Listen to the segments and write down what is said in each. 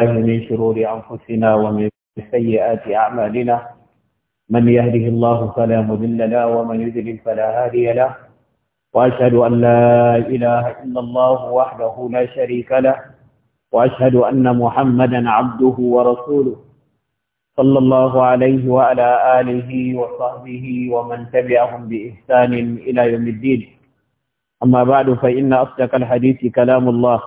من شرور أنفسنا ومن سيئات أعمالنا من يهده الله فلا مذل له ومن يذلل فلا هادي له وأشهد أن لا إله إلا الله وحده لا شريك له وأشهد أن محمدا عبده ورسوله صلى الله عليه وعلى آله وصحبه ومن تبعهم بإحسان إلى يوم الدين أما بعد فإن أصدق الحديث كلام الله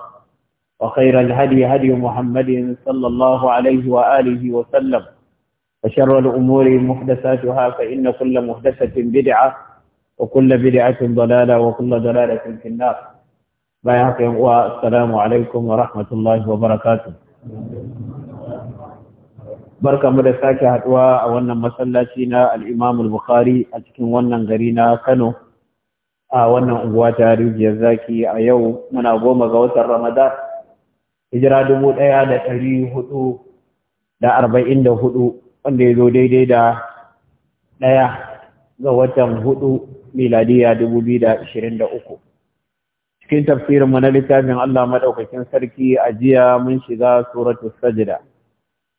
وخير الهدي هدي محمد صلى الله عليه وآله وسلم وشر الأمور محدثاتها فإن كل محدثة بدعة وكل بدعة ضلالة وكل ضلالة في النار بايعك والسلام عليكم ورحمة الله وبركاته barka mu da sake haɗuwa a wannan masallaci na al-Imam bukhari a cikin wannan gari na Kano a wannan unguwa ta Rijiyar Zaki a yau muna goma ga watan Ramadan hijira dubu ɗaya da ɗari hudu da arba'in da hudu wanda ya zo daidai da ɗaya ga watan hudu miladiya dubu biyu da ashirin da uku cikin tafsirin mu na littafin Allah maɗaukakin sarki a jiya mun shiga suratul sajida,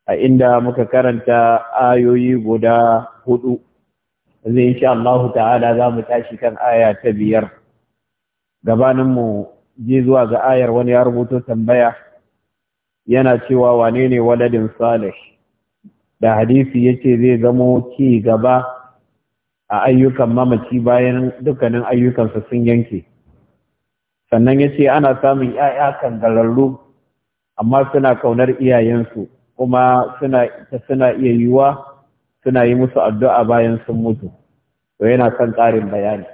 a inda muka karanta ayoyi guda hudu yanzu insha Allah ta'ala za mu tashi kan aya ta biyar gabaninmu je zuwa ga ayar wani ya rubuto tambaya yana cewa wane ne waladin salih da hadisi yace zai zamo ci gaba a ayyukan mamaci bayan dukkanin ayyukansa sun yanke sannan yace ana samun kan kangararru amma suna kaunar iyayensu kuma suna suna iya yiwa suna yi musu addu'a bayan sun mutu to yana son ƙarin bayani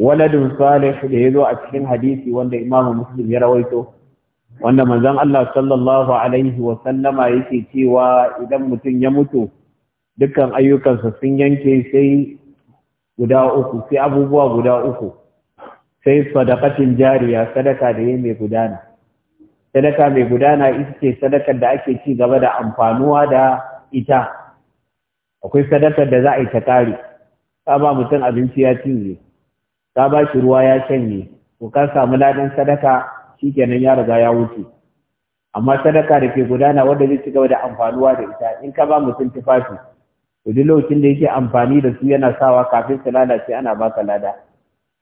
waladin salih da ya zo a cikin hadisi wanda Imamu Muslim ya rawaito wanda manzon Allah sallallahu alaihi wa sallama yake cewa idan mutum ya mutu dukkan ayyukansa sun yanke sai guda uku sai abubuwa guda uku sai sadaqatin jariya sadaka da ya mai gudana sadaka mai gudana ita ce sadakar da ake ci gaba da amfanuwa da ita akwai sadakar da za a yi ta kare ka ba mutum abinci ya cinye ka ba shi ruwa ya shanye to ka samu ladan sadaka shikenan ya riga ya wuce amma sadaka da ke gudana wanda zai ci gaba da amfanuwa da ita in ka ba mutum tufafi to duk lokacin da yake amfani da su yana sawa kafin su lalace ana baka lada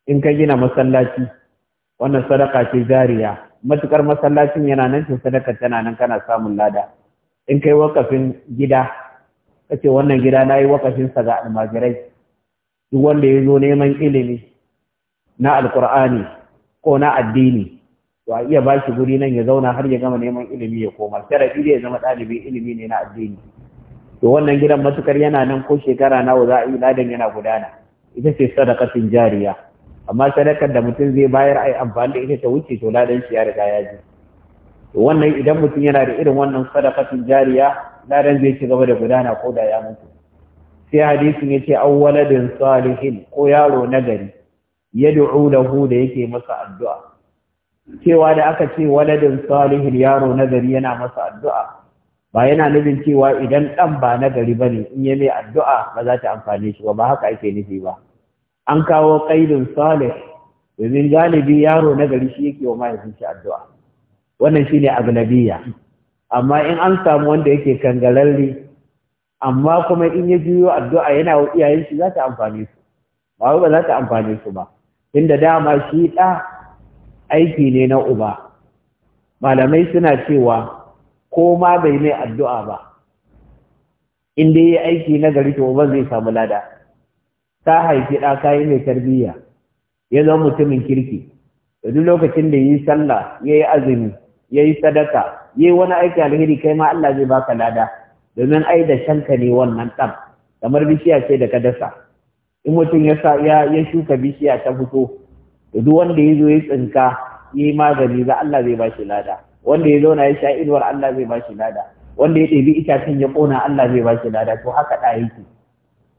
in ka gina masallaci wannan sadaka ce jariya matukar masallacin yana nan ce sadaka tana nan kana samun lada in kai wakafin gida kace wannan gida na yi wakafin sa ga almajirai duk wanda ya zo neman ilimi na alkur'ani ko na addini to a iya shi guri nan ya zauna har ya gama neman ilimi ya koma sharadi da ya zama ɗalibin ilimi ne na addini to wannan gidan matukar yana nan ko shekara nawa za a yi ladan yana gudana ita ce sadakatin jariya amma sadakar da mutum zai bayar a yi amfani da ita ta wuce to ladan shi ya riga ya ji to wannan idan mutum yana da irin wannan sadakatin jariya ladan zai ci gaba da gudana ko da ya mutu sai hadisin ya ce awwaladin salihin ko yaro nagari yadda lahu da yake masa addu'a cewa da aka ce waladin salihin yaro nagari yana masa addu'a ba yana nufin cewa idan ɗan ba nagari ba ne in yi mai addu'a ba za ta amfane shi ba ba haka ake nufi ba an kawo ƙaidin salih domin galibi yaro nagari shi yake wa mahaifin addu'a wannan shi ne agnabiya amma in an samu wanda yake kangalalle amma kuma in ya juyo addu'a yana wa iyayen shi za ta amfane su ba ba za ta amfane su ba inda dama shi ɗa aiki ne na uba malamai suna cewa ko ma bai mai addu'a ba in dai yi aiki na gari to uban zai samu lada ta haifi ɗa kayi mai tarbiyya ya zama mutumin kirki da duk lokacin da yi sallah ya yi azumi ya yi sadaka ya yi wani aiki alheri kai ma Allah zai baka lada domin ai da shanka ne wannan ɗan kamar bishiya ce da ka dasa in mutum ya ya shuka bishiya ta fito da duk wanda ya zo ya tsinka yi magani za Allah zai ba shi lada wanda ya zauna ya sha inuwar Allah zai ba shi lada wanda ya ɗebi itacen ya ƙona Allah zai ba shi lada to haka ɗa yake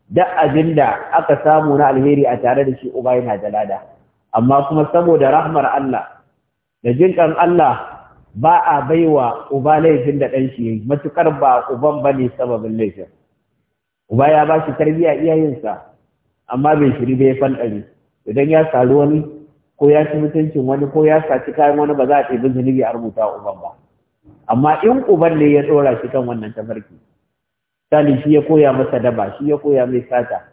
duk abin da aka samu na alheri a tare da shi uba yana da lada amma kuma saboda rahmar Allah da jinkan Allah ba a baiwa uba laifin da ɗan shi matukar ba uban ba ne sababin laifin uba ya ba shi tarbiyya iyayensa amma bai shiri bai fanɗari idan ya saru wani ko ya ci mutuncin wani ko ya saci kayan wani ba za a ɗebi zunubi a rubuta wa uban ba amma in uban ne ya ɗora shi kan wannan tafarki sani shi ya koya masa daba shi ya koya mai sata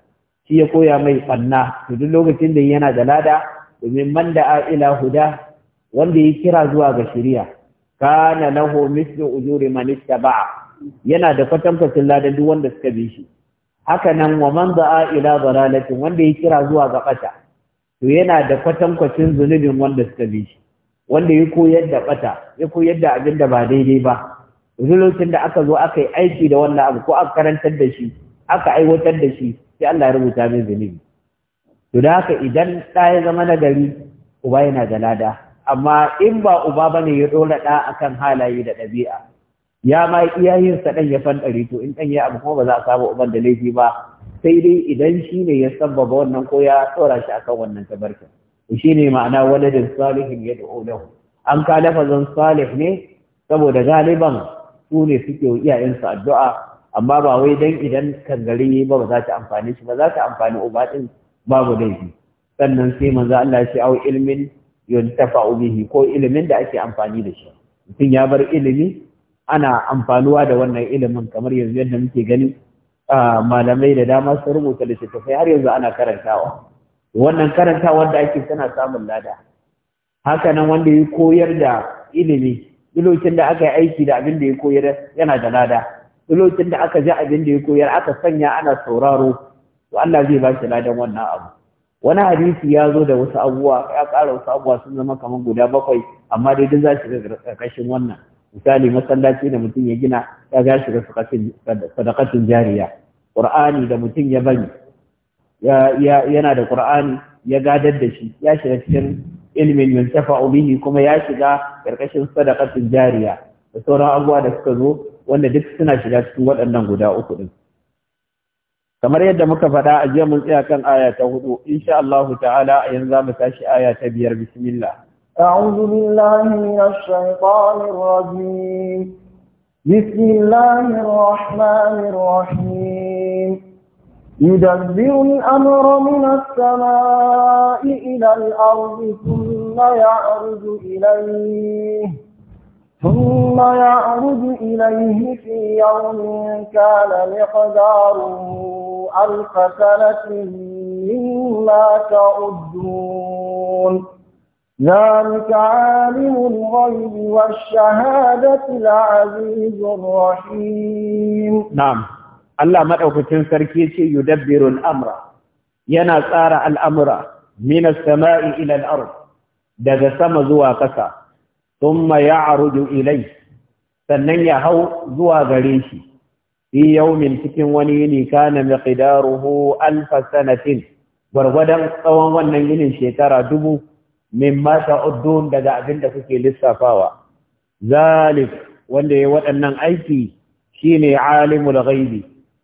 shi ya koya mai ɓanna to duk lokacin da yana da lada domin man da ila huda wanda ya kira zuwa ga shari'a kana lahu mislu ujuri man ittaba'a yana da kwatankwacin ladan duk wanda suka bi shi haka nan wa man da'a ila dalalatin wanda ya kira zuwa ga ɓata to yana da kwatankwacin zunubin wanda suka bi shi wanda ya koyar da bata ya koyar da abin da ba daidai ba zulucin da aka zo aka yi aiki da wannan abu ko aka karantar da shi aka aiwatar da shi sai Allah ya rubuta min zunubi to da haka idan ɗa ya zama nagari uba yana da lada amma in ba uba bane ya dora ɗa akan halaye da ɗabi'a ya ma sa ɗan ya ɗari, to in ɗan ya abu kuma ba za a samu uban da laifi ba sai dai idan shi ne ya sabbaba wannan ko ya tsora shi akan wannan tabarkin shi ne ma'ana waladin salihin ya da'o lahu an ka lafazin salih ne saboda galiban su ne suke wa iyayensu addu'a amma ba wai dan idan kangare ba ba za ta amfani shi ba za ta amfani uba din babu laifi sannan sai manzo Allah shi au ilmin yuntafa'u bihi ko ilimin da ake amfani da shi mutum ya bar ilimi ana amfanuwa da wannan ilimin kamar yanzu yadda muke gani malamai da dama sun rubuta littattafai har yanzu ana karantawa wannan karantawa da ake tana samun lada haka nan wanda ya koyar da ilimi lokacin da aka yi aiki da abin da ya koyar yana da lada lokacin da aka ji abin da ya koyar aka sanya ana sauraro to Allah zai ba shi ladan wannan abu wani hadisi ya zo da wasu abubuwa ya ƙara wasu abubuwa sun zama kamar guda bakwai amma dai duk za su ga ƙarƙashin wannan misali masallaci da mutum ya gina ya ga shiga sadaqatin jariya qur'ani da mutum ya bari yana da qur'ani ya gadar da shi ya shiga cikin ilmin tafa'u bihi kuma ya shiga karkashin sadaqatin jariya da sauran abubuwa da suka zo wanda duk suna shiga cikin waɗannan guda uku din kamar yadda muka faɗa a jiya mun tsaya kan aya ta hudu insha Allah ta'ala yanzu za mu tashi aya ta biyar bismillah أعوذ بالله من الشيطان الرجيم بسم الله الرحمن الرحيم يدبر الأمر من السماء إلى الأرض ثم يعرج إليه ثم يعرج إليه في يوم كان مقداره ألف سنة مما تعدون ذلك عالم الغيب والشهادة العزيز الرحيم نعم الله مدعوكتين سركيتي يدبر الأمر ينا صار الأمر من السماء إلى الأرض دذا سما زوا قسا ثم يعرج إليه sannan ya hau zuwa gare shi fi yaumin cikin wani yini kana miqdaruhu alf sanatin gwargwadon tsawon wannan yinin shekara dubu mimma ta'uddun daga abinda da kuke lissafawa zalik wanda ya waɗannan aiki shine alimul ghaibi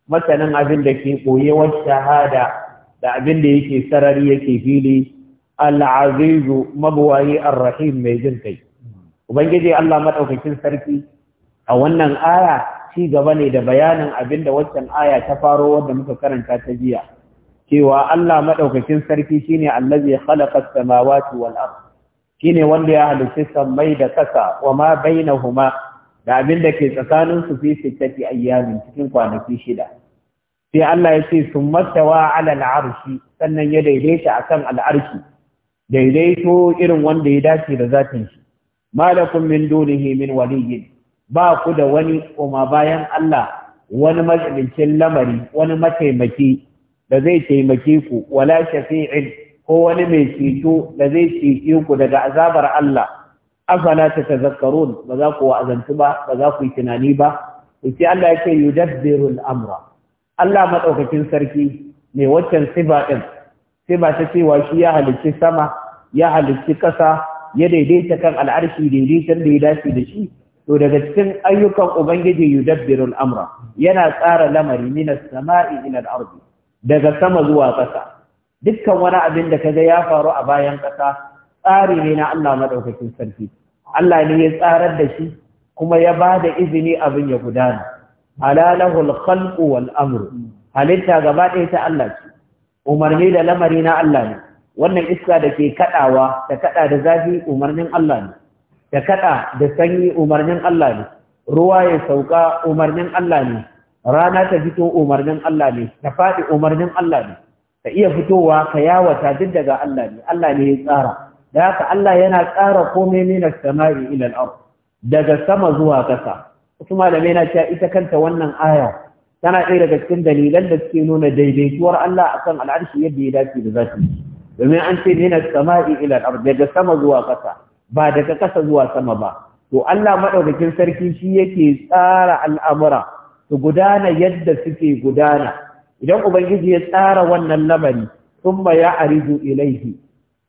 masanin abin da ke koye wata shahada da abin da yake sarari yake fili al-aziz mabwayi ar-rahim mai jin kai ubangiji Allah madaukakin sarki a wannan aya ci gaba ne da bayanin abin da waccan aya ta faro wanda muka karanta ta jiya cewa Allah maɗaukacin sarki shine allazi khalaqa samawati wal Shi ne wanda ya halicci sammai da kasa wa ma bainahuma da abin da ke tsakanin su fi sittati ayyamin cikin kwanaki shida sai Allah ya ce summastawa ala al sannan ya daidaita akan al-arshi daidaito irin wanda ya dace da zatin shi malakum min dunihi min waliyyin ba ku da wani kuma bayan Allah wani matsalincin lamari wani mataimaki da zai taimake ku wala shafi'in ko wani mai ceto da zai cece ku daga azabar Allah afala tatazakkarun ba za ku wa'azantu ba ba za ku yi tunani ba sai Allah yake yudabbiru al-amra Allah madaukakin sarki mai waccan siba din siba ta cewa shi ya halicci sama ya halicci ƙasa ya daidaita kan al'arshi daidaitan da ya dace da shi to daga cikin ayyukan ubangiji yudabbiru al-amra yana tsara lamari minas sama'i ila al-ardi daga sama zuwa ƙasa dukkan wani abin da kaga ya faru a bayan ƙasa tsari ne na Allah madaukakin sarki Allah ne ya tsarar da shi kuma ya ba da izini abin ya gudana alalahul khalqu wal amru halitta gaba ɗaya ta Allah ce umarni da lamari na Allah ne wannan iska da ke kaɗawa ta kaɗa da zafi umarnin Allah ne ta kaɗa da sanyi umarnin Allah ne ruwa ya sauka umarnin Allah ne rana ta fito umarnin Allah ne ta faɗi umarnin Allah ne ka iya fitowa ka yawata duk daga Allah ne Allah ne ya tsara da haka Allah yana tsara komai ne na samari ilal al daga sama zuwa ƙasa wasu malamai na cewa ita kanta wannan aya tana ɗaya daga cikin dalilan da suke nuna daidaituwar Allah akan al'arshi yadda ya dace da zati domin an ce ne na sama'i ila al daga sama zuwa ƙasa ba daga ƙasa zuwa sama ba to Allah madaukakin sarki shi yake tsara al'amura su gudana yadda suke gudana idan ubangiji ya tsara wannan lamari summa ya arizu ilaihi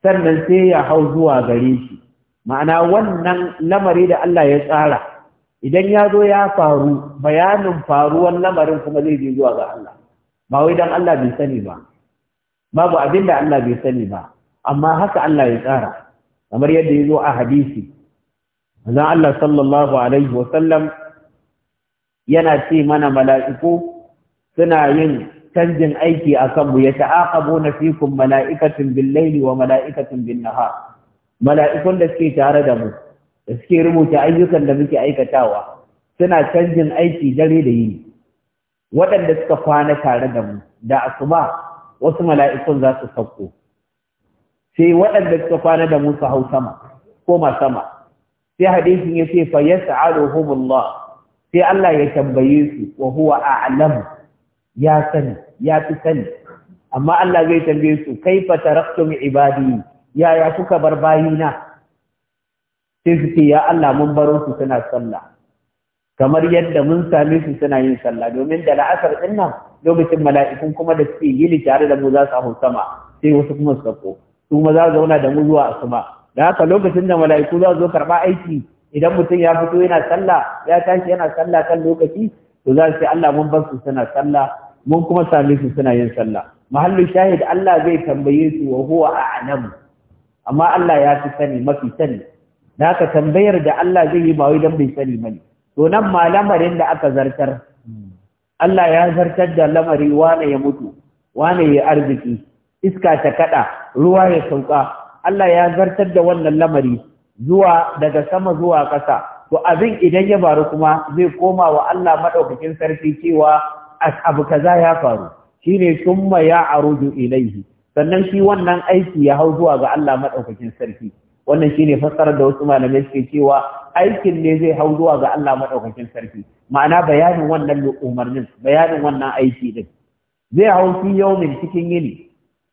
sannan sai ya hau zuwa gare shi ma'ana wannan lamari da Allah ya tsara idan ya zo ya faru bayanin faruwan lamarin kuma zai je zuwa ga Allah ba wai dan Allah bai sani ba babu abin da Allah bai sani ba amma haka Allah ya tsara kamar yadda ya zo a hadisi manzon Allah sallallahu alaihi wa sallam yana ce mana mala'iku suna yin canjin aiki a kanmu ya ta'aqabu na fikum mala'ikatun bil wa mala'ikatun bin Naha. mala'ikun da suke tare da mu da suke rubuta ayyukan da muke aikatawa suna canjin aiki dare da yini waɗanda suka kwana tare da mu da asuba wasu mala'ikun za su sauko sai waɗanda suka kwana da mu su hau sama koma sama sai hadisin ya ce fa yas'aluhumullah sai Allah ya tambaye su wa huwa a'lam ya sani ya fi sani amma Allah zai tambaye su kaifa taraktum ibadi ya ya kuka bar bayina sai su ce ya Allah mun baro su suna sallah kamar yadda mun same su suna yin sallah domin da la'asar din nan lokacin mala'ikun kuma da suke yini tare da mu za su hau sama sai wasu kuma su sako su kuma za su zauna da mu zuwa asuma. da haka lokacin da mala'iku za su zo karɓa aiki idan mutum ya fito yana sallah ya tashi yana sallah kan lokaci to za su ce Allah mun bar su suna sallah mun kuma same su suna yin sallah mahallu shahid Allah zai tambaye su wa huwa a'lamu amma Allah ya fi sani mafi sani da aka tambayar da Allah zai yi ba wai dan bai sani bane to nan ma lamarin da aka zartar Allah ya zartar da lamari wane ya mutu wane ya arziki iska ta kada ruwa ya sauka Allah ya zartar da wannan lamari zuwa daga sama zuwa ƙasa to abin idan ya faru kuma zai koma wa Allah maɗaukakin sarki cewa abu kaza ya faru shine summa ya arudu ilaihi sannan shi wannan aiki ya hau zuwa ga Allah madaukakin sarki wannan shine fassarar da wasu malamai suke cewa aikin ne zai hau zuwa ga Allah madaukakin sarki ma'ana bayanin wannan umarnin bayanin wannan aiki din zai hau fi yaumin cikin yini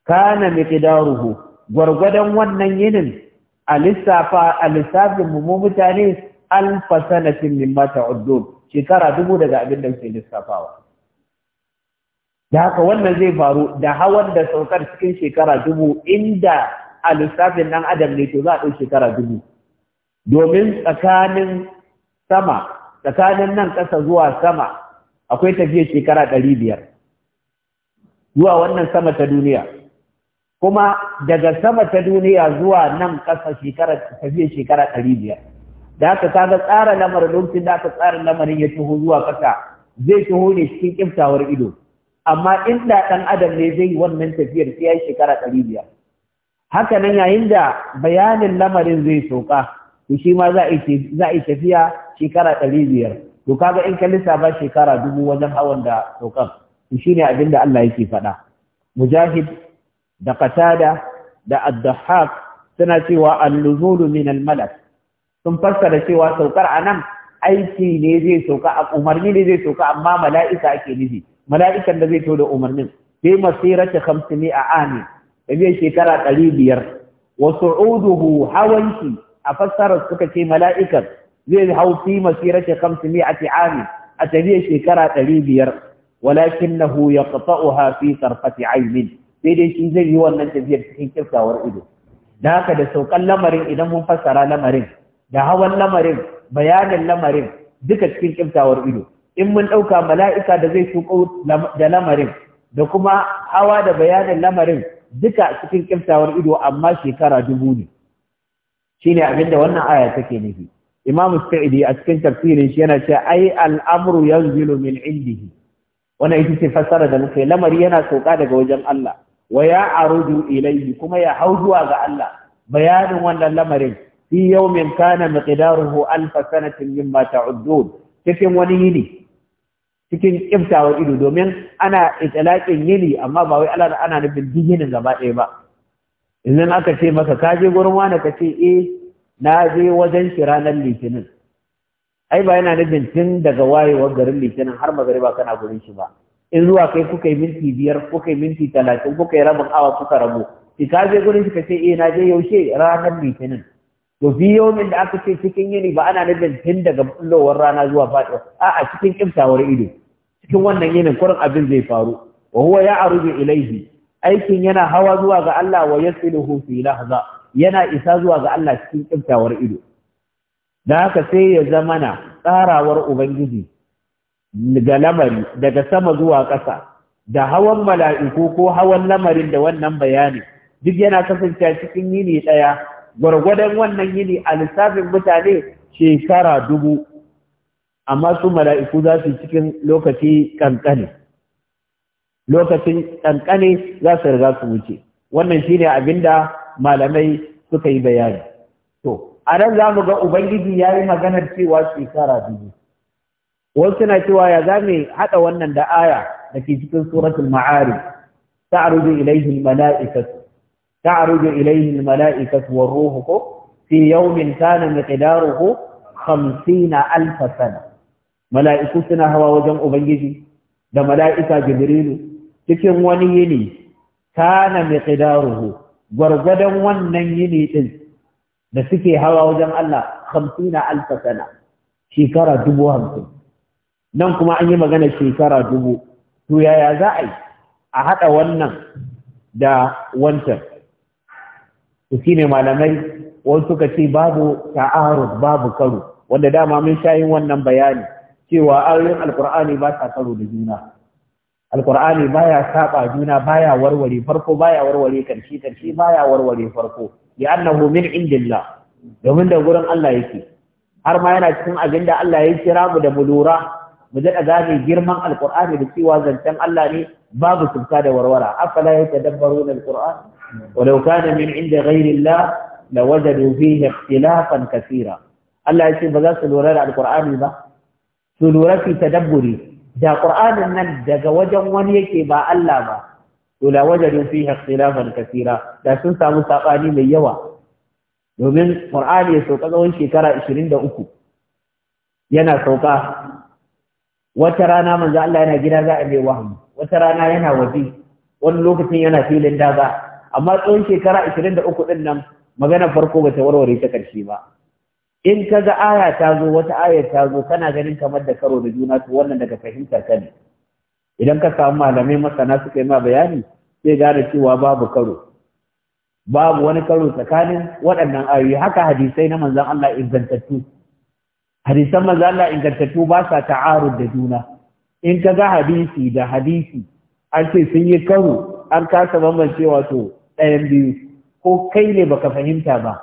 kana miqdaruhu gwargwadon wannan yinin a lissafa lissafin mu mutane alfa sanatin mimma ta'uddun shekara dubu daga abin da suke lissafawa da haka wannan zai faru da hawan da saukar cikin shekara dubu inda a lissafin ɗan adam ne to za a ɗau shekara dubu domin tsakanin sama tsakanin nan ƙasa zuwa sama akwai tafiya shekara ɗari biyar zuwa wannan sama ta duniya kuma daga sama ta duniya zuwa nan ƙasa shekara shekara ɗari biyar da aka kaga tsara lamarin lokacin da aka tsara lamarin ya taho zuwa ƙasa zai taho ne cikin kiftawar ido amma in da ɗan adam ne zai yi wannan tafiyar sai ya shekara ɗari biyar haka nan yayin da bayanin lamarin zai sauka to shi ma za a yi tafiya shekara ɗari biyar to kaga in ka lissafa shekara dubu wajen hawan da saukan to shine abin da Allah yake faɗa mujahid da qatada da ad-dahhak suna cewa al-nuzulu min al-malak sun fassara cewa saukar anan aiki ne zai sauka a umarni ne zai sauka amma mala'ika ake nufi mala'ikan da zai to da umarnin bi masirati 500 aami da zai shekara 500 wa su'uduhu hawanki a fassarar suka ce malaika zai hau fi masirati 500 aami a tafiya shekara 500 walakinahu yaqta'uha fi tarfati aynin sai dai shi zai yi wannan tafiyar cikin kyautawar ido da haka da saukan lamarin idan mun fassara lamarin da hawan lamarin bayanin lamarin duka cikin kyautawar ido in mun ɗauka mala'ika da zai shuko da lamarin da kuma hawa da bayanin lamarin duka cikin kyautawar ido amma shekara dubu ne shine abin da wannan aya take nufi imamu sa'idi a cikin tafsirin shi yana cewa ai al'amru yanzilu min indihi wannan ita ce fassara da muke lamari yana sauka daga wajen Allah wa ya arudu ilayhi kuma ya hau zuwa ga Allah bayanin wannan lamarin fi yawmin kana miqdaruhu alf sanatin mimma ta'uddun cikin wani yini cikin iftawa ido domin ana itlaqin yini amma ba wai Allah ana nufin dijinin gaba ɗaya ba idan aka ce maka ka je gurin wani ka ce eh na je wajen shi ranar litinin ai ba yana nufin tun daga wayewar garin litinin har magariba kana gurin shi ba in zuwa kai kuka yi minti biyar kuka yi minti talatin kuka yi rabin awa kuka rabu ki ka je gurin ka ce eh na je yaushe ranar litinin to fi yawmin da aka ce cikin yini ba ana nufin tun daga bullowar rana zuwa faɗi a'a cikin kimtawar ido cikin wannan yinin kurin abin zai faru wa huwa ya aruju ilaihi aikin yana hawa zuwa ga Allah wa yasiluhu fi lahza yana isa zuwa ga Allah cikin kimtawar ido da haka sai ya zamana tsarawar ubangiji ga lamari daga sama zuwa ƙasa da hawan mala'iku ko hawan lamarin da wannan bayani duk yana kasance cikin yini ɗaya gwargwadon wannan yini a lissafin mutane shekara dubu amma su mala'iku za su cikin lokaci ƙanƙane lokacin ƙanƙane za su riga su wuce wannan shine abin da malamai suka yi bayani to a nan za mu ga ubangiji ya yi maganar cewa shekara dubu wasu suna cewa ya za mu haɗa wannan da aya da ke cikin suratul ma'ari ta'aruju ilaihi mala'ikatu ta'aruju ilaihi mala'ikatu war ruhu ko fi yawmin kana miqdaruhu 50 alf sana mala'iku suna hawa wajen ubangiji da mala'ika jibrilu cikin wani yini kana miqdaruhu gwargwadon wannan yini din da suke hawa wajen Allah 50 alf sana shekara dubu hamsin nan kuma an yi magana shekara dubu to yaya za a yi a haɗa wannan da wancan to shine malamai wasu suka ce babu ta'arud babu karo wanda dama mun sha yin wannan bayani cewa ayoyin alkur'ani ba sa karo da juna alkur'ani baya saba juna baya warware farko baya warware karshe karshe baya warware farko ya annahu min indillah domin da gurin Allah yake har ma yana cikin abinda Allah ya kira mu da mu lura mu daɗa gane girman alƙur'ani da cewa zancen Allah ne babu subka da warwara afala ya tadabbaru na alƙur'an walau kana min inda ghairi Allah la wajadu fihi ikhtilafan kaseera Allah ya ce ba za su lura da alƙur'ani ba su lura fi tadabburi da ƙur'anin nan daga wajen wani yake ba Allah ba to la wajadu fihi ikhtilafan kaseera da sun samu sabani mai yawa domin ƙur'ani ya sauka tsawon shekara 23 yana sauka wata rana manzo Allah yana gida za a mai wahayi wata rana yana waje wani lokacin yana filin daga amma tsawon shekara 23 din nan magana farko ta warware ta karshe ba in ka ga aya ta zo wata aya ta zo kana ganin kamar da karo da juna to wannan daga fahimta ka ne idan ka samu malamai masana suka yi ma bayani sai gane cewa babu karo babu wani karo tsakanin waɗannan ayoyi haka hadisai na manzon Allah ingantattu hadisan manzo Allah ingantattu ba sa ta'arud da juna in ka ga hadisi da hadisi an ce sun yi karo an kasa bambance wato ɗayan biyu ko kai ne baka fahimta ba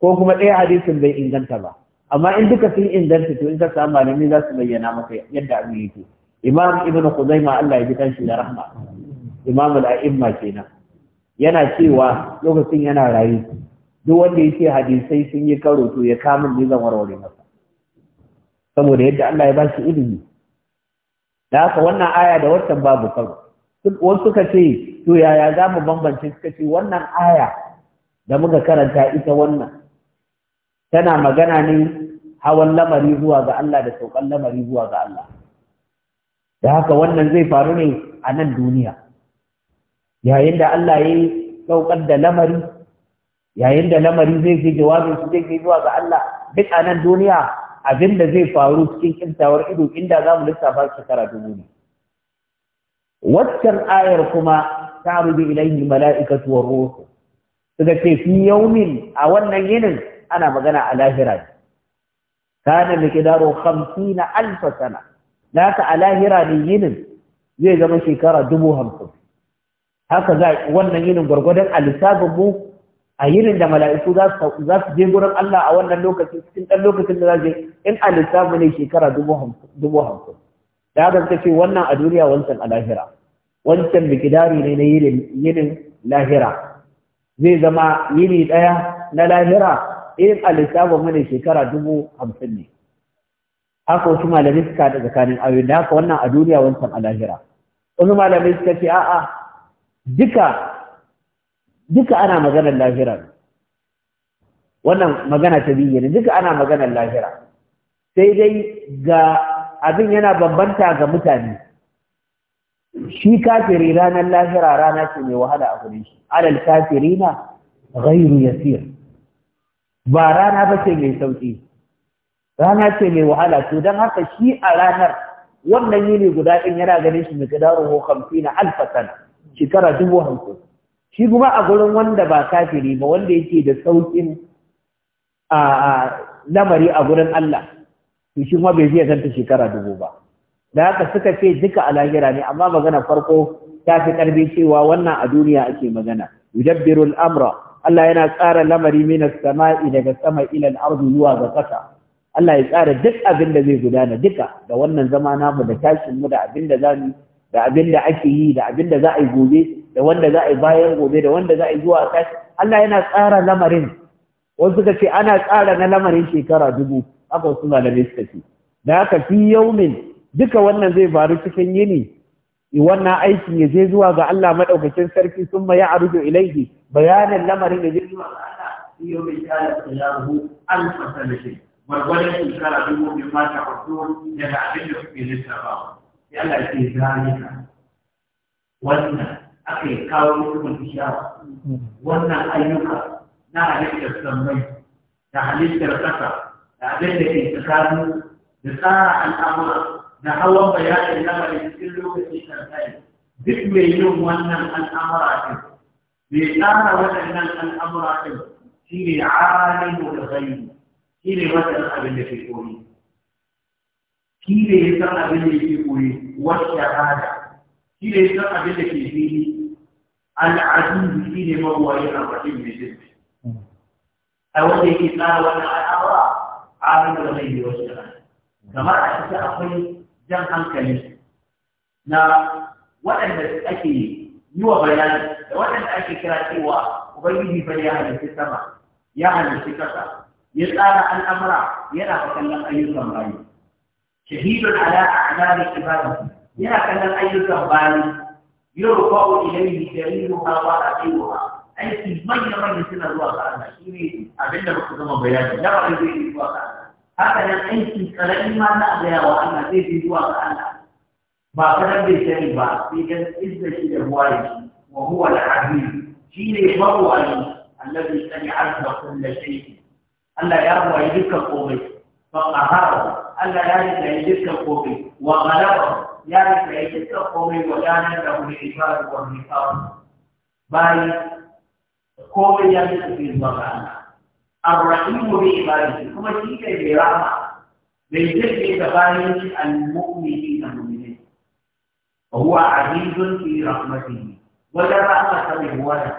ko kuma ɗaya hadisin bai inganta ba amma in duka sun inganta to in ka samu malami za su bayyana maka yadda abin yake imam ibn khuzaima Allah ya ji kanshi da rahma imam al-a'imma kenan yana cewa lokacin yana rayu duk wanda ya ce hadisai sun yi karo to ya kama nizan warware masa saboda yadda Allah ya ba shi ilimi da haka wannan aya da wancan babu karo wasu suka ce to yaya za mu bambance suka ce wannan aya da muka karanta ita wannan tana magana ne hawan lamari zuwa ga Allah da saukan lamari zuwa ga Allah da haka wannan zai faru ne a nan duniya yayin da Allah ya saukan da lamari yayin da lamari zai je jawabin su zai je zuwa ga Allah duk a nan duniya abin da zai faru cikin kintawar ido inda za mu lissafa shekara dubu ne waccan ayar kuma ta rubi ilaihi mala'ikatu wa ruhu suka ce fi yaumin a wannan yinin ana magana a lahira kana miqdaru 50 alf sana naka a lahira ne yinin zai zama shekara dubu hamsin haka za wannan yinin gwargwadon a a yinin da mala’isu za su je gurin Allah a wannan lokacin cikin ɗan lokacin da za je in a lissafi ne shekara dubu hamsin da ya ganta ce wannan a duniya wancan a lahira wancan bikidari ne na yinin lahira zai zama yini ɗaya na lahira in a lissafi mu ne shekara dubu hamsin ne haka wasu malamai suka da tsakanin ayoyi da haka wannan a duniya wancan a lahira wasu malamai suka ce a'a duka duka ana maganar lahira wannan magana ta biyu ne duka ana maganar lahira sai dai ga abin yana bambanta ga mutane shi kafiri ranar lahira rana ce mai wahala a gurin shi alal kafiri na ghairu yasir ba rana ba ce mai sauki rana ce mai wahala to don haka shi a ranar wannan yini guda ɗin yana ganin shi mai kadaru ko hamsin na shekara dubu hamsin shi kuma a gurin wanda ba kafiri ba wanda yake da saukin a lamari a gurin Allah to shi kuma bai zai ta shekara dubu ba da haka suka ce duka alahira ne amma magana farko ta fi karbi cewa wannan a duniya ake magana yudabbirul amra Allah yana tsara lamari min samai daga sama ila al-ardi zuwa ga kasa. Allah ya tsara duk abin da zai gudana duka da wannan zama namu da tashin mu da abin da zamu da abin da ake yi da abin da za a yi gobe da wanda za a yi bayan gobe da wanda za a yi zuwa kashi Allah yana tsara lamarin wasu suka ce ana tsara na lamarin shekara dubu haka wasu malamai suka ce da haka fi yaumin duka wannan zai faru cikin yini wannan aikin ya je zuwa ga Allah madaukakin sarki sun ma ya arjo ilaihi bayanin lamarin ya je zuwa ga Allah fi yaumin kana tsilahu an fasala shi gwargwadon shekara dubu ma mata kwato daga abin da kuke lissafa ya Allah ya ce zalika wannan aka yi kawo mutumin ishara wannan ayyuka na halittar sammai da halittar ƙasa da abin da ke tsakanin da tsara al'amura da hawan bayanin lamarin cikin lokaci kankai duk mai yin wannan al'amura ɗin mai tsara waɗannan al'amura ɗin shi ne alimu da gani shi ne wajen abin da ke koyi shi ne ya san abin da ke koyi wata hada shi ne san abin da ke fili al'adu shi ne mawaye a wajen mai jin a wanda yake tsara wannan al'amura a abin da mai yi wasu kamar a cikin akwai jan hankali na waɗanda ake yi wa bayani da waɗanda ake kira cewa ubangiji bai ya halitta sama ya halitta kasa ya tsara al'amura yana kallon ayyukan bayi shahidun ala a'mali ibadati yana kallon ayyukan bayi yau fa'o ilayhi daliluha wa cewa aiki manyan manyan suna zuwa ga Allah shi ne abin da muka zama bayani da ba zai yi zuwa ga Allah haka nan aiki karami ma na gaya wa Allah zai yi zuwa ga Allah ba kadan bai sani ba sai dan izza shi da ruwa yake wa huwa al-azim shi ne mawali alladhi sami'a da shay'in Allah ya ruwaye dukkan komai fa qahara Allah ya yi da dukkan kofi wa galaba ya yi da dukkan kofi wa danar da mu ibadu wa nifaq bai kofi ya yi da zuwa ga Allah arrahimu bi ibadihi kuma shi kai bai rama bai jirgi da bayan shi al-mu'mini da mu'mini wa huwa azizun fi rahmatihi wajen rahmatar mai buwaya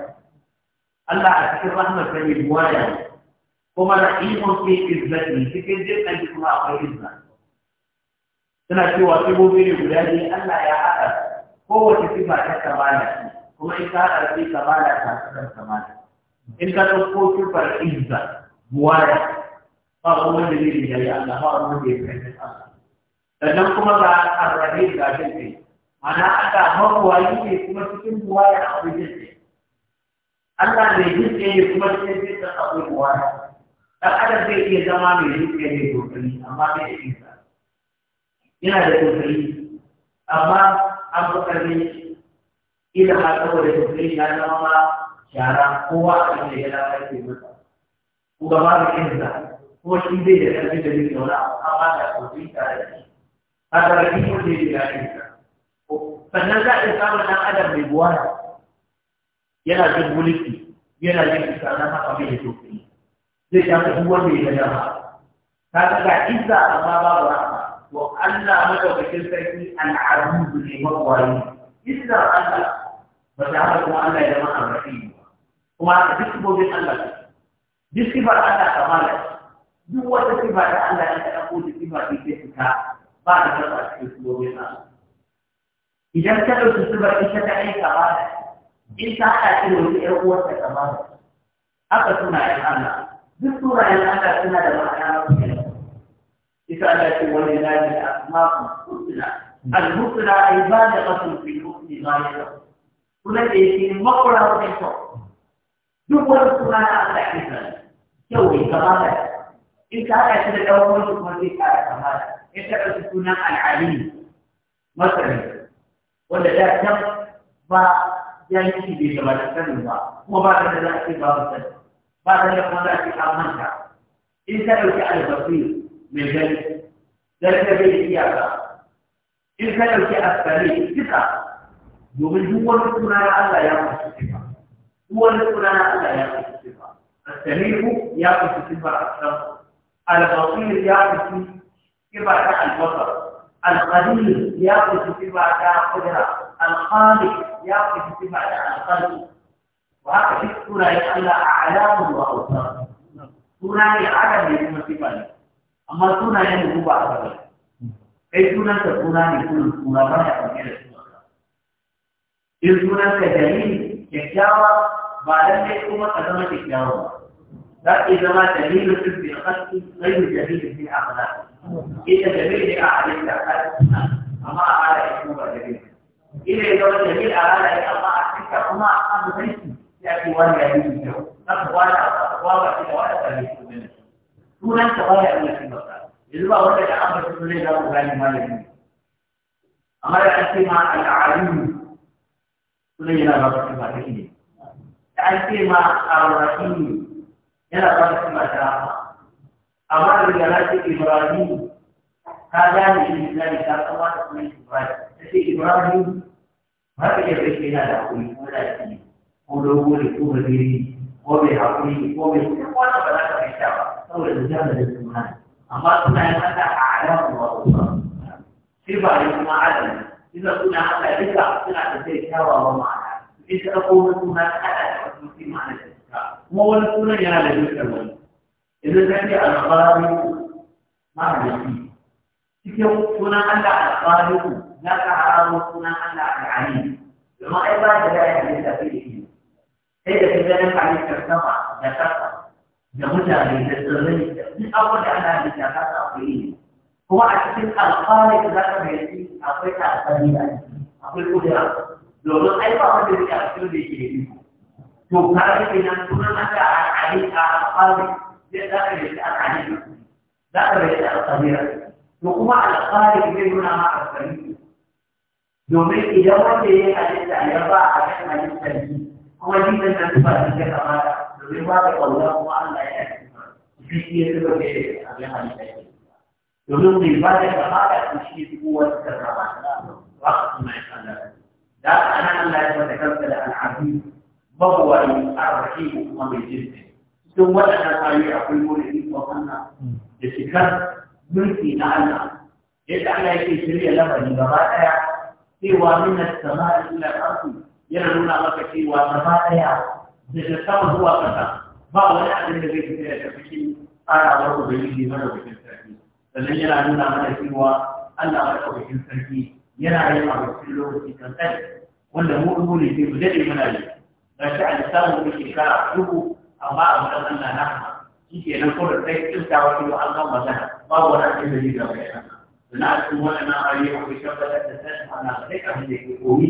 Allah a cikin rahmatar mai buwaya وما رحيمون في إذنه فكرة جدا يكون أخير إذنه سنة تواتبه في الولادي أن لا يعقب هو تسمى كثمانة هما إنسان أرضي كمانة كثم كمانة إن كان تقول كل فرق إذنه موارد فهو من الذي يجعل الله أمر به في الأرض لأنكم الله الرحيم لا جنبه أنا أتى هم وعيه كما تكون موارد أو جنبه أنا لجنبه كما تكون جنبه أو جنبه dan adam zai iya zama mai zuciya mai kokari amma bai da isa yana da kokari amma an fi karfin ila ma saboda kokari ya zama ma shara kowa a cikin da ya lafa ke masa ko gaba da kinsa ko shi zai da karfin da zai zauna amma da kokari tare da shi haka da shi ko zai da kinsa sannan za a iya samun ɗan adam mai buwara yana jin mulki yana jin isa na haka mai da kokari zai shafa duk wanda ya gada ta ga ga izza amma babu rahama to Allah madaukakin sarki al'azizu ne makwari izza Allah ba ta haka kuma Allah ya zama arrafi kuma haka duk sibobin Allah duk sifar Allah kamala duk wata sifa da Allah ya ta ɗauko da sifa da ke fita ba ta zama a cikin sibobin Allah idan ka ɗauki sifar ita ta aika kamala in ta haɗa shi da wani ƴar uwarsa kamala haka suna yin Allah duk sunayen Allah suna da ma'ana mafi yawa isa Allah ce wani lafi a makon kusura al-musula a yi ba da kasu fi mutu ba ya yau kuma da yake makwara wajen kyau duk wani suna na Allah ke sani kyau ne kama da in ka haɗa shi da ɗaukar su kuma zai ƙara kama da in ka ɗauki sunan al'ali masani wanda da can ba yanki bai gaba da sani ba kuma ba da da za a ce babu sani هذا يقوم بأس حرمانك إن سألت على البصير من ذلك ذلك بالسياسة إن سألت أسفلي ثقة ومن هو نسكن على ألا يقص الثقة هو نسكن على ألا يقص الثقة السليم يقص الثقة أكثر البصير يقص كبعة البصر القدير يقص كبعة قدرة الخالق يقص كبعة القلب وهكذا في السورة أن أعلام وأوصاف سورة عدم يكون صفة أما سورة يعني هو أكبر أي سورة سورة يكون سورة ما يكون غير سورة إن سورة كجليل كشاوة بعدم يكون قدمة كشاوة لكن زما جميل في الخلق غير جميل في الأخلاق إذا جميل أحد الأخلاق أما أعلى اسمه جميل إذا جميل أعلى الله أحسن أما أحسن shafi wani ya yi aka da sunan ta yanzu ba wanda da an za gani malami amma da an ce ma sunan yana ba shi ba ta ne da an ce ma yana ba ta amma da na ce ibrahim ka gane shi kama da sunan ibrahim ta ce ibrahim ba ka iya yana da kuma da shi ko dogo ne ko gajeri ko mai haƙuri ko mai kuɗi ko wani ba za ka saboda da amma a alamun kuma wani sunan yana da dukkan wani idan cikin sunan Allah alfarin za ka hararo sunan da ya yi sai da su ganin halittar sama da kasa da mutane da tsirrai da duk abubuwan da ana halitta ta sa akwai kuma a cikin alfahari da za ka bayyanci akwai alfahari da akwai kudura domin ai ba wanda yake a cikin da yake to kare ke nan sunan aka al'ali a alfahari zai za ka bayyanci al'ali za ka bayyanci alfahari to kuma alfahari zai nuna ma alfahari domin idan wanda ya yi halitta a من الأنفاس كما لماذا والله أعلى يأتي في يتبقى على هذا domin bai ba da shahada ko shi ne ko wata karrama ba su mai Allah da ana Allah ya bada kansa da al'adu mawali arhi kuma mai jinni don wadannan ayoyi akwai wani iko Allah da shikar mulki na Allah yadda Allah yake shirya lamari gaba daya cewa min as-sama'i ila al-ardi yana nuna maka cewa gaba ɗaya daga sama zuwa ƙasa ba wani abin da zai fita daga cikin tsarawar ubangiji bikin sarki sannan yana nuna mana cewa Allah madaukakin sarki yana yin abu cikin lokaci kankani wanda mu mu ne mu daɗe muna yi ga shi a lissafin da ke shekara dubu amma a mutan Allah na shi ke nan kuma sai tsintawa cewa an gama magana babu wani abin da zai gaba yana sannan a cikin waɗannan ayoyi akwai tabbatar da sanin ana da duk abin da ke koyi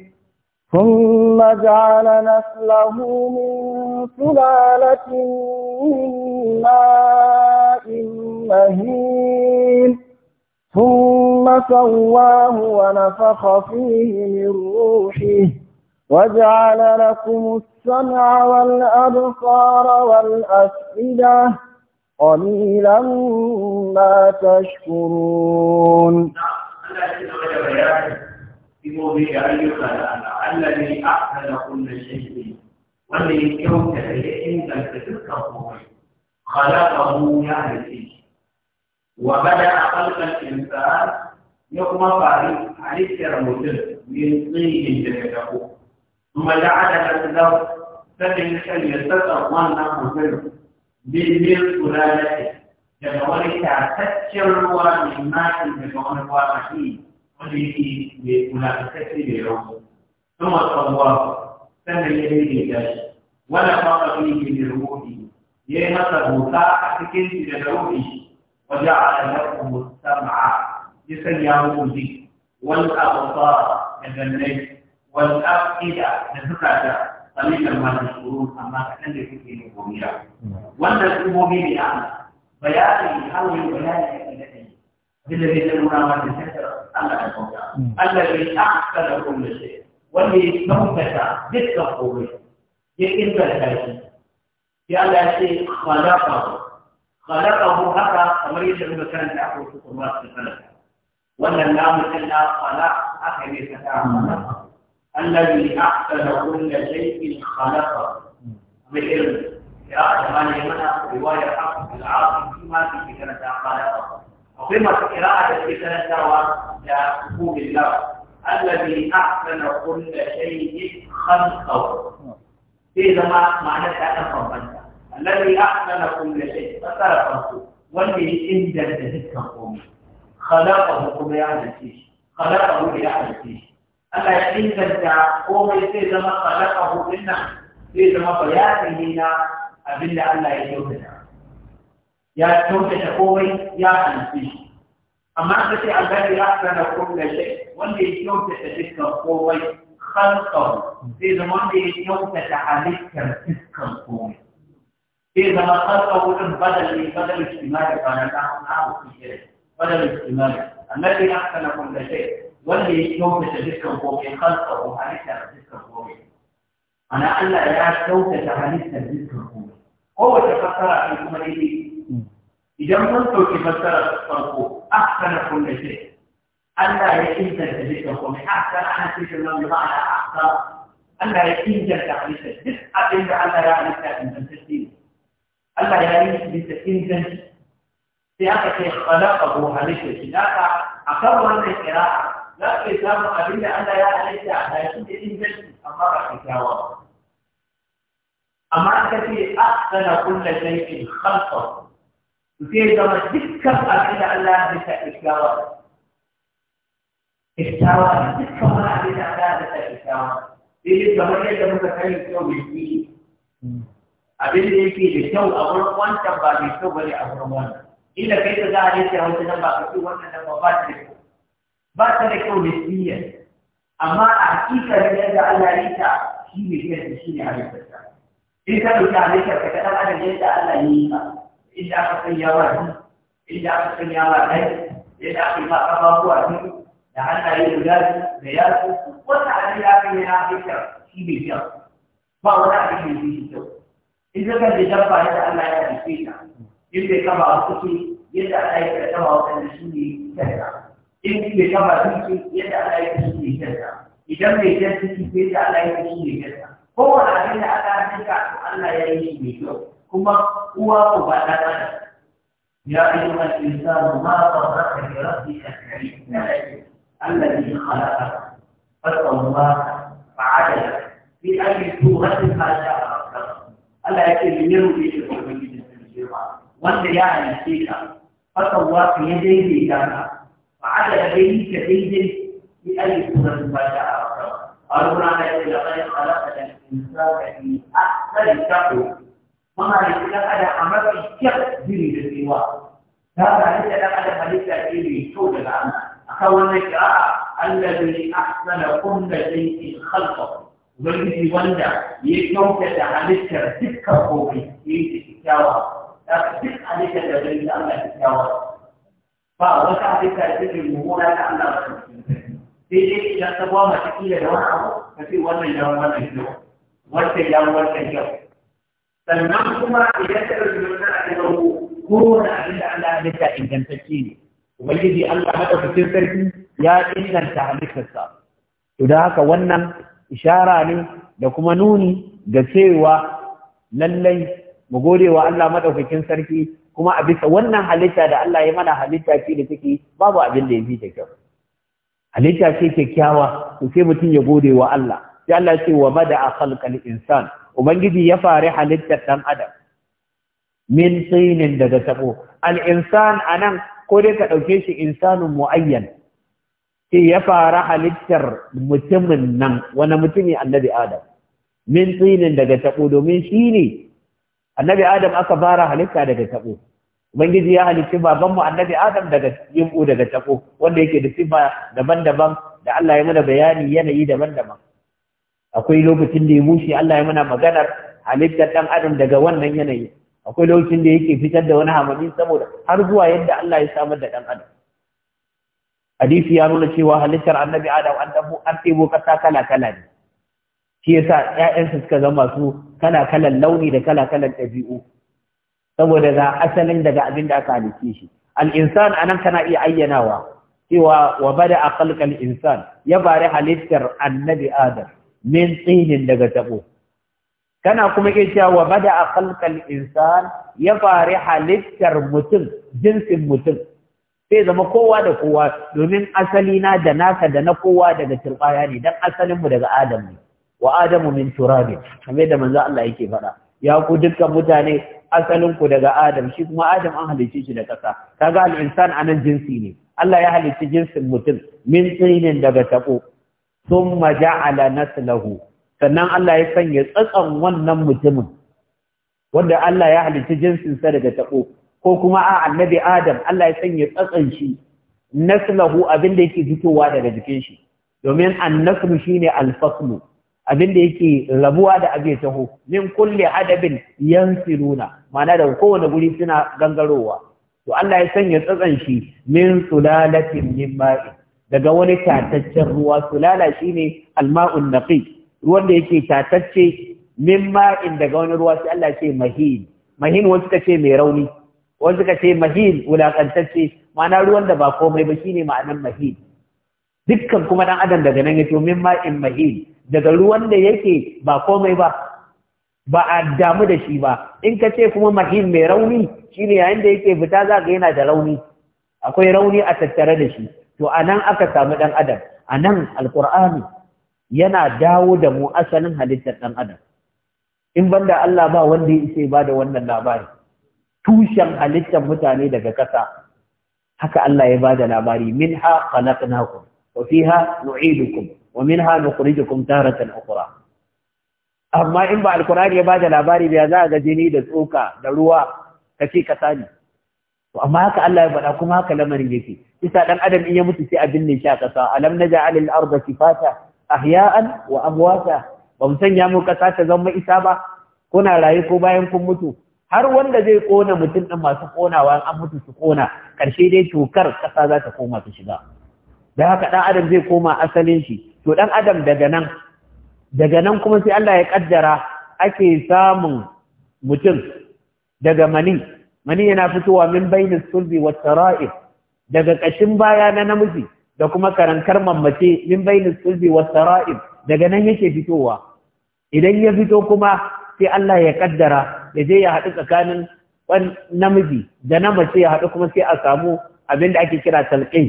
ثم جعل نسله من سلالة من ماء مهين ثم سواه ونفخ فيه من روحه وجعل لكم السمع والأبصار والأفئدة قليلا ما تشكرون. نعم. الذي أحسن كل شيء والذي كوت إليه تلك خلقه يعني فيه وبدأ خلق الإنسان يقوم فاري عليك رمزل من طين جهده ثم جعل له فإن كان يستطر وانا مزل بالميل سلالته جدولك تتشر ومن ماء من جوان وعشي ولكي بسلالته بيروه ثم صلاه سنة يهيدي جاش ونفق فيه من روحي يمسه ساعة سكنت من روحي وجعل لكم السمع يسيره ذكر والأبصار يدليك والأفئدة نزكتا قليلا ما تشكرون أما تكلف في الأمومية والنسوم به أنا بياتي حول بياني الذي بالذي تنونا ما تسكر الله الذي أحسن كل شيء وہی نو پیدا جس کا ہو گیا یہ ان کا خیال ہے کیا لیسے خلقا ہو خلقا ہو حقا ہماری شبہ بسان کے اپنے سے فرمات سے خلقا وانا نام سلنا خلق اخری فتا عمنا احسن كل شيء خلقه خلقا مئر یا جمال یمنا روایہ حق العاصم فيما في فکرتا خلقه اقیمت اراعہ جس کی سنتا حقوق اللہ الذي أحسن كل شيء خلقه في زمان معنى هذا فرمانك الذي أحسن كل شيء فخلقه والذي إنجل ذكره خلقه كما فيه خلقه ليعلم فيه ألا إنجل قوم في زمان خلقه منا في زمان بياته لنا أبن الله يجوزنا يا توجد قومي يا أنفسي أما أنت الذي أحسن كل شيء وانتي اليوم تتذكر قوي خلقه في زمان اليوم تتعلم تذكر قوي في زمان خلقه ولم بدل بدل الاجتماع كان لهم نعم في شيء بدل الاجتماع الذي أحسن كل شيء وانتي اليوم تتذكر قوي خلقه وعليك تذكر قوي أنا ألا يا شو تتعلم تذكر قوي هو تفكر في زمان إذا ما كنت تفكر في أحسن كل شيء ألا يتم تلتزمه ومن أحسن أن تجد من يضع على أن لا يتم تلتزمه بدء أن ألا يعرف أن تلتزمه ألا يعرف في هذا سياسة خلقه هذه لا أكبر من القراءة لا تلتزم أبدا ألا لا أن تلتزمه أمر التجاوز أما أنت في أحسن كل شيء خلقه وفي الشيء كم أبدا لا يتم أن kyakkyawa ne dukkan wani abin da Allah da kyakkyawa sai dai kamar yadda muka sani kyau mai fi abin da yake da kyau a wurin wancan ba mai kyau bane a wurin wannan inda kai ka za a yi kyau ta nan ba ka fi wannan nan ba ba ta da kyau ba ta da kyau mai fiye amma a hakikarin yadda Allah ya ta shi ne kyau shi ne halittarsa in ka ɗauki halittar ka kaɗan adam yadda Allah ya yi ka inda aka sanya wa inda aka sanya wa ɗai yadda aka yi ma ƙafafuwa biyu da ayi guda da yatsu wata abin da aka yi na kyau shi ne kyau ba wani abin da shi kyau in ka da dabba da Allah ya shi ta in bai kama a kuke yadda Allah ya karkama waɗanda shi ne kyauta in bai kama duki yadda Allah ya shi ne idan bai kyan ciki sai da Allah ya shi ne kyauta kowane abin da aka halitta ka Allah ya yi shi ne kuma uwa ko ba ta da ya ayyukan insanu ma ba za ka yi الذي خلقك الله فعدلك في أي صورة ما شاء الله يكفي يروي شيء وانت يعني فيك في يديه كان فعدل بينك بيده في أي صورة ما شاء أرونا لقد خلق الإنسان في أحسن تقوى وما لك أحد عمل الشخص بالسوى هذا ليس لك أحد ملك في سوء العمل تولى قراءة الذي أحسن كل شيء خلقه ubangiji wanda ya kyautata halittar dukkan komai ya yi da kyakkyawa da duk halittar da zai da Allah kyakkyawa ba wata halitta da take mummuna ta Allah ba ta sai dai idan ta gwama ta kila da wani abu ka ce wannan ya wannan yau wancan ya wancan yau sannan kuma idan ta ɗauki wani a cikin ko wani abin da Allah ya halitta ingantacce ne ubangiji Allah madaukakin sarki ya inganta halittarsa to da haka wannan ishara ne da kuma nuni ga cewa lallai mu gode wa Allah maɗaukakin sarki kuma a bisa wannan halitta da Allah ya mana halitta ce da take babu abin da ya fi da kyau halitta ce kyakkyawa to sai mutum ya gode wa Allah sai Allah ce wa a khalqal insan ubangiji ya fari halittar dan adam min tsinin daga tabo al insan nan. ko dai ka ɗauke shi insanin mu'ayyan ke ya fara halittar mutumin nan wani mutumi annabi adam min tsinin daga taɓo domin shi ne annabi adam aka fara halitta daga taɓo ubangiji ya halitti mu annabi adam daga yimbu daga taɓo wanda yake da sifa daban-daban da Allah ya mana bayani yanayi daban-daban akwai lokacin da ya bushe Allah ya mana maganar halittar ɗan adam daga wannan yanayin. akwai lokacin da yake fitar da wani hamami saboda har zuwa yadda Allah ya samar da ɗan adam hadisi ya nuna cewa halittar annabi adam an dabo an ɗebo ƙasa kala kala ne shi yasa ƴaƴansa suka zama su kala kalan launi da kala kalan ɗabi'u saboda ga asalin daga abin da aka halice shi al-insan anan kana iya ayyanawa cewa wa bada khalqal insan ya bari halittar annabi adam min tsinin daga taɓo. kana kuma iya cewa wa a kalkal insan ya fari halittar mutum jinsin mutum sai zama kowa da kowa domin asali na da naka da na kowa daga turbaya ne dan asalin mu daga adam ne wa adamu min turabi kamar da manzo Allah yake faɗa ya ku dukkan mutane asalin ku daga adam shi kuma adam an halicce shi da kasa kaga al insan anan jinsi ne Allah ya halicci jinsin mutum min tsinin daga tabo thumma ja'ala naslahu sannan Allah ya sanya tsatsan wannan mutumin wanda Allah ya halitta jinsinsa daga taɓo ko kuma a annabi Adam Allah ya sanya tsatsan shi naslahu abin da yake fitowa daga jikin shi domin annaslu shine alfaslu abin da yake rabuwa da abin taho min kulli adabin yansiluna ma'ana da kowane guri suna gangarowa to Allah ya sanya tsatsan shi min sulalatin min ma'i daga wani tataccen ruwa sulala shine alma'un naqi ruwan da yake tatacce min ma'in daga wani ruwa sai Allah ce mahin mahin wasu ka ce mai rauni wasu ka ce mahin wulakantacce ma'ana ruwan da ba komai ba shine ma'anan mahin dukkan kuma dan adam daga nan yato min ma'in mahin daga ruwan da yake ba komai ba ba a damu da shi ba in ka ce kuma mahin mai rauni shine yayin da yake fita za ka yana da rauni akwai rauni a tattare da shi to anan aka samu dan adam anan alqur'ani yana dawo da mu asalin halittar ɗan adam in banda Allah ba wanda ya isa ba da wannan labari tushen halittar mutane daga ƙasa haka Allah ya ba da labari minha khalaqnakum wa fiha nu'idukum wa minha nukhrijukum taratan ukhra amma in ba alkurani ya bada labari ba za ga jini da tsoka da ruwa kace ka sani to amma haka Allah ya bada kuma haka lamarin yake isa dan adam in ya mutu sai abin binne shi a kasa alam naj'al al-ardha kifata ahya'an wa amwata ba mu sanya mu kasa ta zama isa ba kuna rayu ko bayan kun mutu har wanda zai kona mutum din masu konawa an mutu su kona karshe dai cokar kasa za ta koma su shiga da haka dan adam zai koma asalin shi to dan adam daga nan daga nan kuma sai Allah ya kaddara ake samun mutum daga mani mani yana fitowa min bainis sulbi wat tara'i daga kashin baya na namiji da kuma karankar mammace min bainis sulbi was sara'ib daga nan yake fitowa idan ya fito kuma sai Allah ya kaddara ya je ya haɗu tsakanin namiji da na mace ya haɗu kuma sai a samu abin da ake kira talqin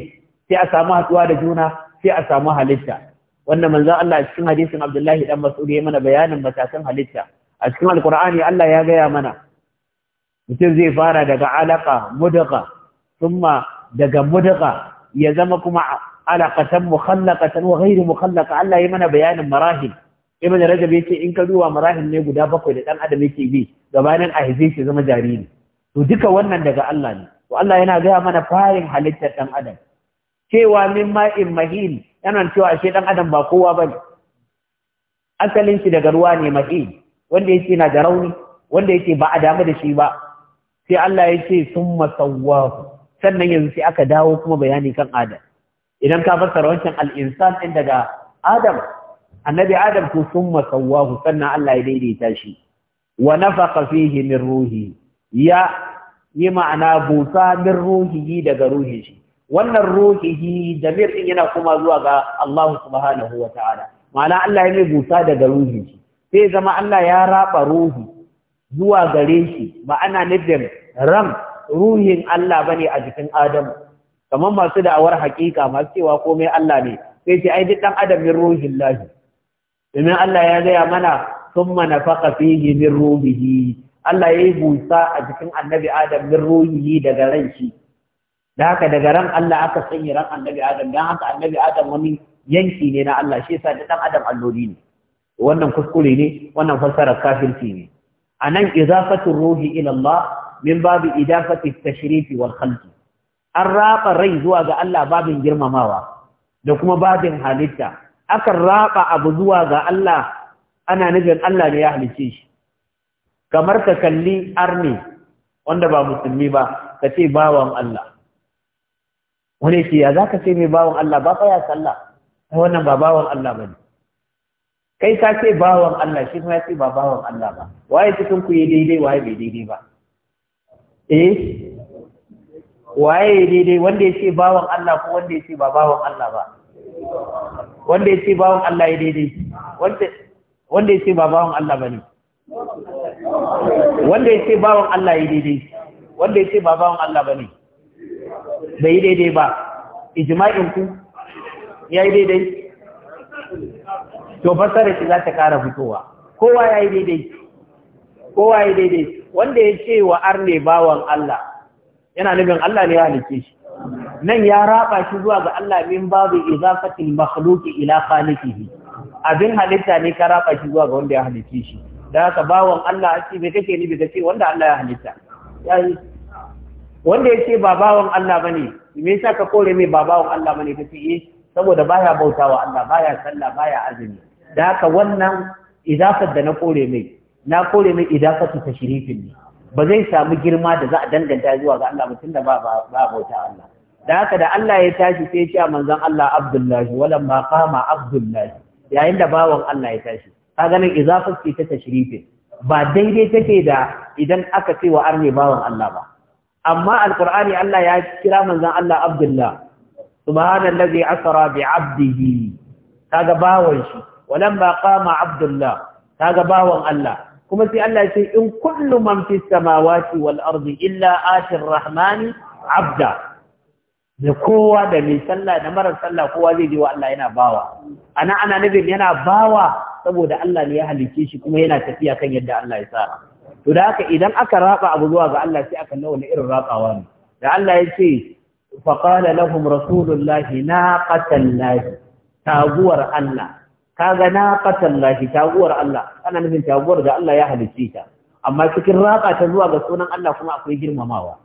sai a samu haɗuwa da juna sai a samu halitta wannan manzon Allah a cikin hadisin Abdullahi dan Mas'ud ya mana bayanin matakan halitta a cikin Alqur'ani Allah ya gaya mana mutum zai fara daga alaka mudgha thumma daga mudgha ya zama kuma alaqatan mukhallaqatan wa ghairu mukhallaqa Allah ya mana bayanin marahil ibn rajab yace in ka duba marahil ne guda bakwai da dan adam yake bi gabanin a haife shi zama jariri to duka wannan daga Allah ne to Allah yana gaya mana farin halittar dan adam cewa min ma'in mahin yana cewa ashe dan adam ba kowa bane asalin shi daga ruwa ne mahin wanda yake na da rauni wanda yake ba a damu da shi ba sai Allah ya ce summa sawwahu sannan yanzu sai aka dawo kuma bayani kan adam idan ka fassara wancan al-insan din daga adam annabi adam ko summa sannan Allah ya daidaita shi wa nafaqa fihi min ruhi ya yi ma'ana busa min ruhihi daga ruhin shi wannan ruhihi damir din yana kuma zuwa ga Allah subhanahu wa ta'ala ma'ana Allah ya mai busa daga ruhin shi sai zama Allah ya raba ruhi zuwa gare shi ma'ana nufin ram ruhin Allah bane a jikin Adamu kamar masu da'awar haƙiƙa masu cewa komai Allah ne sai ce ai duk dan adam min ruhin lahi domin Allah ya gaya mana mana faƙa fihi min ruhihi Allah ya yi busa a jikin annabi Adam min ruhihi daga ran shi da haka daga ran Allah aka sanya ran annabi Adam dan haka annabi Adam wani yanki ne na Allah shi yasa da dan adam alloli ne wannan kuskure ne wannan fassara kafirci ne anan izafatul ruhi ila Allah min babu idafati tashrifi wal khalqi an raba rai zuwa ga Allah babin girmamawa da kuma babin halitta akan raba abu zuwa ga Allah ana nufin Allah ne ya halice shi kamar ka kalli arni wanda ba musulmi ba ka ce bawan Allah wani ce ya zaka ce mai bawan Allah ba fa ya sallah wannan ba bawan Allah bane kai ka ce bawan Allah shi ma ya ce ba bawan Allah ba waye cikin ku yi daidai waye bai daidai ba eh waye daidai wanda ya ce bawan Allah ko wanda ya ce ba bawan Allah ba wanda ya ce bawan Allah ya daidai wanda ya ce ba bawan Allah ba ne wanda ya ce bawan Allah ya daidai wanda ya ce ba bawan Allah ba ne bai daidai ba ijma'in ku ya yi daidai to fasarar shi za ta kara fitowa kowa ya yi daidai kowa ya daidai wanda ya ce wa arne bawan Allah yana nufin Allah ne ya halice shi nan ya raba shi zuwa ga Allah min babu izafatil makhluqi ila khaliqihi abin halitta ne ka raba shi zuwa ga wanda ya halice shi da haka bawan Allah shi bai kake ni bai ce wanda Allah ya halitta yayi wanda ya ce ba bawan Allah bane me yasa ka kore mai ba bawan Allah bane kace eh saboda baya bautawa Allah baya sallah baya azumi da haka wannan izafat da na kore mai na kore mai idafatu tashrifin ne ba zai samu girma da za a danganta zuwa ga Allah mutum da ba ba bauta Allah da haka da Allah ya tashi sai ya ce manzon Allah Abdullahi walan ma qama Abdullahi yayin da bawan Allah ya tashi ka ganin idafatu ta tashrifin ba daidai take da idan aka ce wa arne bawan Allah ba amma alqur'ani Allah ya kira manzon Allah Abdullah subhanallazi asra bi 'abdihi kaga bawan shi walan ma qama Abdullah kaga bawan Allah kuma sai Allah ya ce in kullu man fi samawati wal ardi illa atir rahmani abda da kowa da mai sallah da marar sallah kowa zai ji wa Allah yana bawa ana ana nabin yana bawa saboda Allah ne ya halice shi kuma yana tafiya kan yadda Allah ya tsara to da haka idan aka raba abu zuwa ga Allah sai aka nawa irin rabawa ne da Allah ya ce faqala lahum rasulullahi naqatan lahi taguwar Allah kaga naqatan lahi taguwar Allah ana nufin taguwar da Allah ya halicce ta amma cikin raƙa ta zuwa ga sunan Allah kuma akwai girmamawa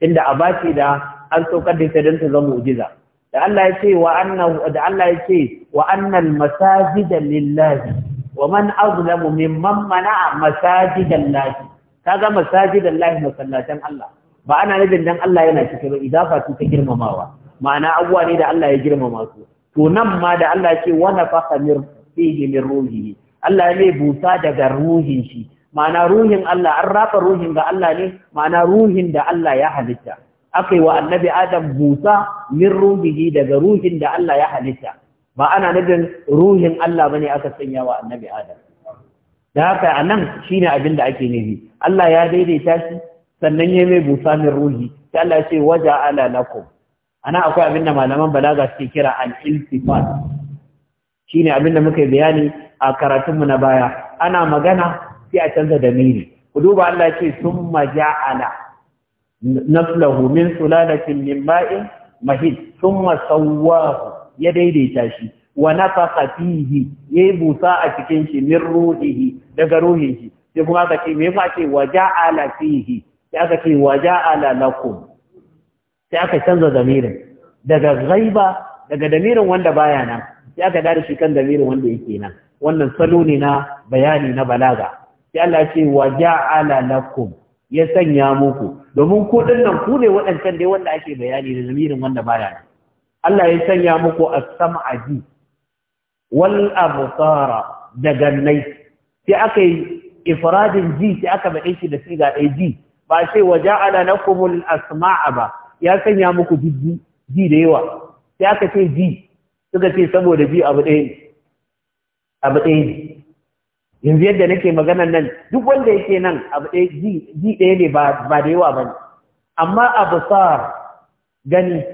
inda abaci da an saukar da ita don ta zama mu'jiza da Allah ya ce wa annahu da Allah ya ce wa annal masajida lillahi wa man azlamu mimman mana'a masajidan lahi kaga masajidan lahi masallatan Allah ba ana nufin dan Allah yana cike ba idafa su ta girmamawa ma'ana abuwa ne da Allah ya girmama su to nan ma da Allah ya ce wa nafaqa min fihi min ruhihi Allah ne busa daga ruhin shi ma'ana ruhin Allah an raba ruhin ga Allah ne ma'ana ruhin da Allah ya halitta yi wa annabi adam busa min ruhihi daga ruhin da Allah ya halitta ba ana nufin ruhin Allah bane aka sanya wa annabi adam da haka a nan shi ne abin da ake nufi Allah ya daidaita shi sannan ya mai busa min ruhi ta Allah ce waja ala lakum ana akwai abin da malaman balaga suke kira al-iltifat shine abin da muka yi bayani a karatunmu na baya ana magana sai a canza damiri ku duba Allah ce summa ja'ala naflahu min sulalatin min ma'in mahid summa sawwahu ya daidaita shi wa nafakha fihi yayi busa a cikin shi min ruhihi daga ruhin shi sai kuma aka ce me fa ce wa ja'ala fihi sai aka ce wa ja'ala lakum sai aka canza damirin daga ghaiba daga damirin wanda baya nan sai aka da shi kan damirin wanda yake nan wannan salo ne na bayani na balaga sai Allah ce wa ja'ala lakum ya sanya muku domin ku dinnan ku ne waɗancan dai wanda ake bayani da damirin wanda baya nan Allah ya sanya muku as-sam'a ji wal absara da gannai sai aka yi ifradin ji sai aka bade shi da siga ɗaya ji ba sai wa ja'ala lakumul asma'a ba ya sanya muku jiddi ji da yawa sai aka ce ji suka ce saboda biyu abu ɗaya ne abu ɗaya ne yanzu yadda nake maganan nan duk wanda yake nan abu ɗaya ji ɗaya ne ba da yawa ba ne amma abu sa gani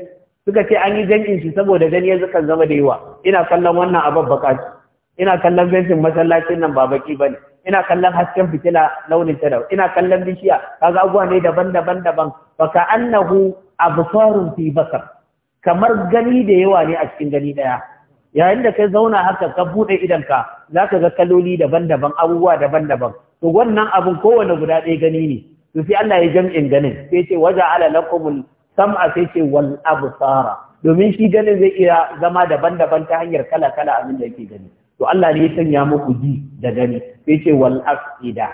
suka ce an yi jan'in shi saboda gani yanzu kan zama da yawa ina kallon wannan abin baka ina kallon bencin masallacin nan ba baki ba ne ina kallon hasken fitila launin ta ina kallon bishiya kaga abubuwa ne daban-daban daban baka annahu absarun fi basar kamar gani da yawa ne a cikin gani ɗaya yayin da kai zauna haka ka buɗe idanka za ka ga kaloli daban-daban abubuwa daban-daban to wannan abin kowane guda ɗaya gani ne to sai Allah ya jam'in ganin sai ce waja ala lakumul sam'a sai ce wal absara domin shi ganin zai iya zama daban-daban ta hanyar kala-kala abin da yake gani to Allah ne ya sanya muku ji da gani sai ce wal afida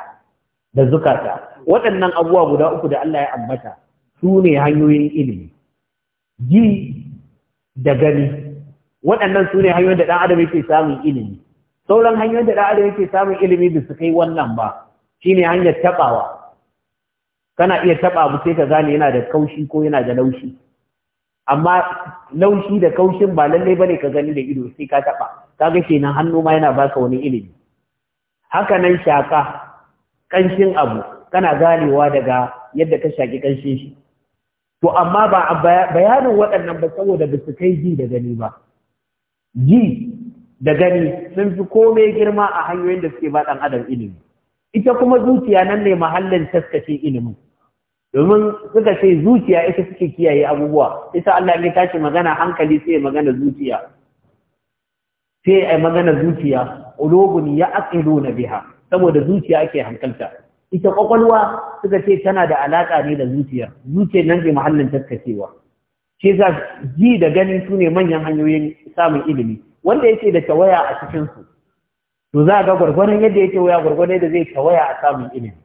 da zukata waɗannan abubuwa guda uku da Allah ya ambata su ne hanyoyin ilimi ji da gani waɗannan su ne hanyoyin da ɗan adam yake samun ilimi sauran hanyoyin da ɗan adam yake samun ilimi da su kai wannan ba shine hanyar taɓawa kana iya taɓa abu sai ka gane yana da kaushi ko yana da laushi amma laushi da kaushin ba lallai bane ka gani da ido sai ka taɓa kaga kenan hannu ma yana baka wani ilimi haka nan shaka ƙanshin abu kana ganewa daga yadda ka shaki ƙanshin shi to amma ba a bayanin waɗannan ba saboda ba su kai ji da gani ba ji da gani sun fi komai girma a hanyoyin da suke ba ɗan adam ilimi ita kuma zuciya nan ne mahallin taskace ilimin domin suka ce zuciya ita suke kiyaye abubuwa ita Allah ne tashi magana hankali sai magana zuciya sai ai magana zuciya ulogun ya na biha saboda zuciya ake hankalta ita kwakwalwa suka ce tana da alaƙa ne da zuciya zuciyar nan ke mahallin tattakewa shi za ji da gani su ne manyan hanyoyin samun ilimi wanda yake da tawaya a cikin su to za ga gwargwadon yadda yake waya gwargwadon yadda zai tawaya a samun ilimi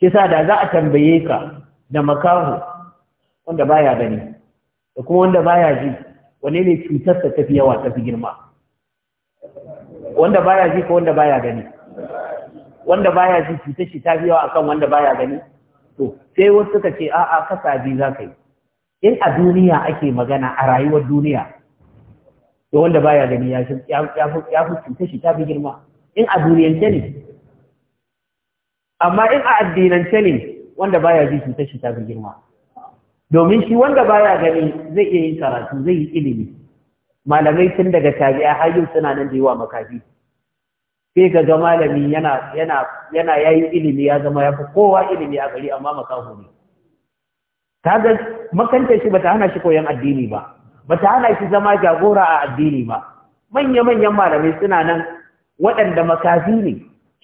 shi sa da za a tambaye ka da makaho wanda baya gani da kuma wanda baya ji wane ne cutar ta tafi yawa tafi girma wanda baya ji ko wanda baya gani wanda baya ji cuta shi ta biya akan wanda baya gani to sai wasu suka ce a'a kasa biyu za ka yi in a duniya ake magana a rayuwar duniya to wanda baya gani ya fi cuta shi ta fi girma in a duniyance ne amma in a addinance ne wanda baya ji cuta shi ta fi girma domin shi wanda baya gani zai iya yin karatu zai yi ilimi malamai tun daga tabi'a har yau suna nan da yawa makafi sai ga malami yana yana yana yayi ilimi ya zama ya kowa ilimi a gari amma makaho ne kaga makanta shi bata hana shi koyon addini ba bata hana shi zama jagora a addini ba manya manyan malamai suna nan waɗanda makafi ne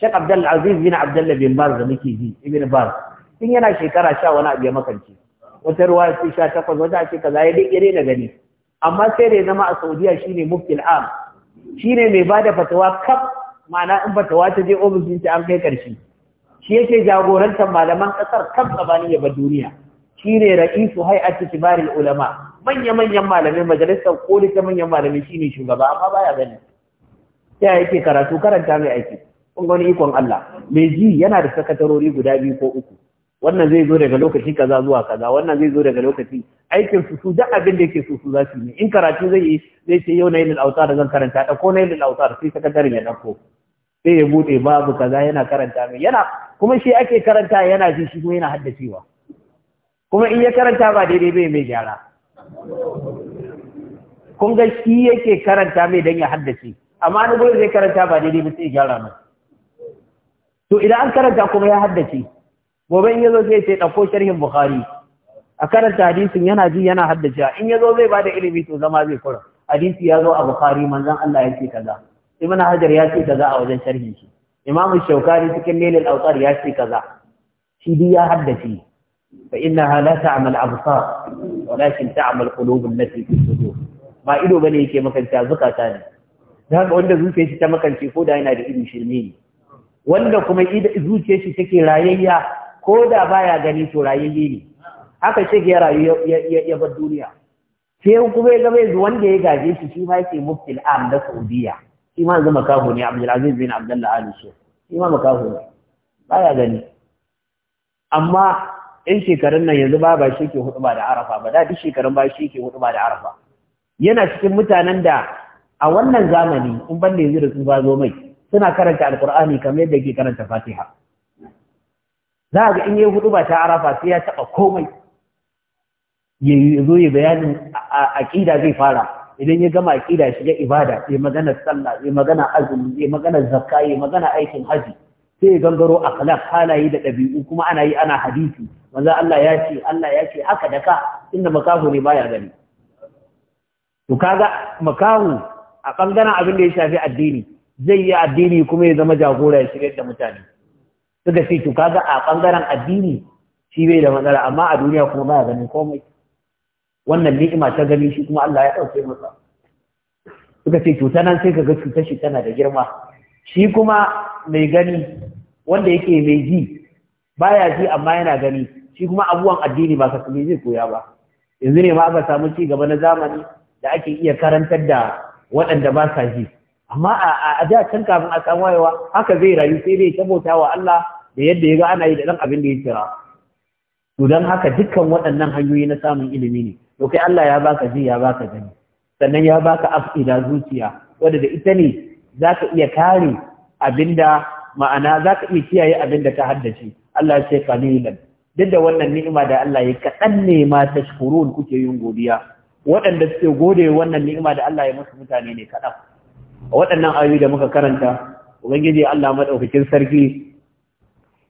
Sheikh Abdul Aziz bin Abdul bin Baz da muke ji Ibn Baz tun yana shekara sha wani abu ya makance wata ruwa ce sha takwas wata ce kaza ya dai na gani amma sai da ya zama a Saudiya shine muftil am shine mai bada fatawa kaf ma'ana in bata ta je ofis ta an kai ƙarshe shi yake jagorantar malaman ƙasar kan tsabani ya ba duniya shi ne ra'isu hay'atu Bari ulama manya-manyan malamai majalisar koli ta manyan malamai shi ne shugaba amma baya gani ta yake karatu karanta mai aiki kun ikon Allah mai ji yana da sakatarori guda biyu ko uku wannan zai zo daga lokaci kaza zuwa kaza wannan zai zo daga lokaci aikin su su duk abin da yake su su zasu yi in karatu zai yi zai ce yau na yi lalauta da zan karanta da ko na yi lalauta sai sakataren ya dauko sai ya bude babu kaza yana karanta mai yana kuma shi ake karanta yana ji shi kuma yana haddacewa kuma in ya karanta ba daidai bai mai gyara kun ga shi yake karanta mai dan ya haddace amma ni gobe zai karanta ba daidai ba sai ya gyara mai to idan an karanta kuma ya haddace gobe in yazo zai ce dauko sharhin bukhari a karanta hadisin yana ji yana haddace in yazo zai bada ilimi to zama zai kura hadisi ya zo a bukhari manzon Allah ya ce kaza ibn hajar ya ce kaza a wajen sharhin shi imam shaukari cikin nailal awtar ya ce kaza shi dai ya haddace fa innaha la ta'mal absar walakin ta'mal qulub allati fi sudur ba ido bane yake makanta zukata ne da haka wanda zuciyar shi ta makance ko da yana da irin shirme wanda kuma zuciyar shi take rayayya ko da baya gani to rayayye ne haka ce ya rayu ya bar duniya sai kuma ya gaba wanda ya gaje shi shi ma yake muftil am da saudiya shi ma zama kafu ne abdulaziz bin abdullah ali shi shi ma makafu ne baya gani amma in shekarun nan yanzu ba ba shi ke hudu ba da arafa ba da duk shekarun ba shi ke hudu ba da arafa yana cikin mutanen da a wannan zamani in ban da yanzu da su ba zo mai suna karanta alkur'ani kamar yadda ke karanta fatiha za ga in yi hudu ba ta arafa sai ya taɓa komai ya zo ya bayanin aƙida zai fara idan ya gama aƙida shiga ibada ya magana sallah ya magana azumi ya magana zakka ya magana aikin haji sai ya gangaro akhlaq halaye da ɗabi'u kuma ana yi ana hadisi manzo Allah ya ce Allah ya ce haka da ka inda makahu ne baya gani to kaga makahu a bangaren abin da ya shafi addini zai yi addini kuma ya zama jagora ya shigar da mutane suka ce to kaga a bangaren addini shi bai da matsala amma a duniya kuma ba ganin komai wannan ni'ima ta gani shi kuma Allah ya dauke masa suka ce to nan sai kaga cutar shi tana da girma shi kuma mai gani wanda yake mai ji baya ji amma yana gani shi kuma abuwan addini ba kasance zai koya ba yanzu ne ma aka samu ci gaba na zamani da ake iya karantar da waɗanda ba sa ji amma a da can kafin a samu wayewa haka zai rayu sai zai ta bauta wa Allah da yadda ya ga ana yi da dan abin da ya kira to dan haka dukkan waɗannan hanyoyi na samun ilimi ne to kai Allah ya baka ji ya baka gani sannan ya baka afida zuciya wanda da ita ne zaka iya kare abinda ma'ana zaka iya kiyaye abinda ka haddace Allah ya ce qalilan duk da wannan ni'ima da Allah ya kaɗan ne ma tashkurun kuke yin godiya waɗanda suke gode wannan ni'ima da Allah ya musu mutane ne kaɗan a waɗannan ayoyi da muka karanta ubangiji Allah madaukakin sarki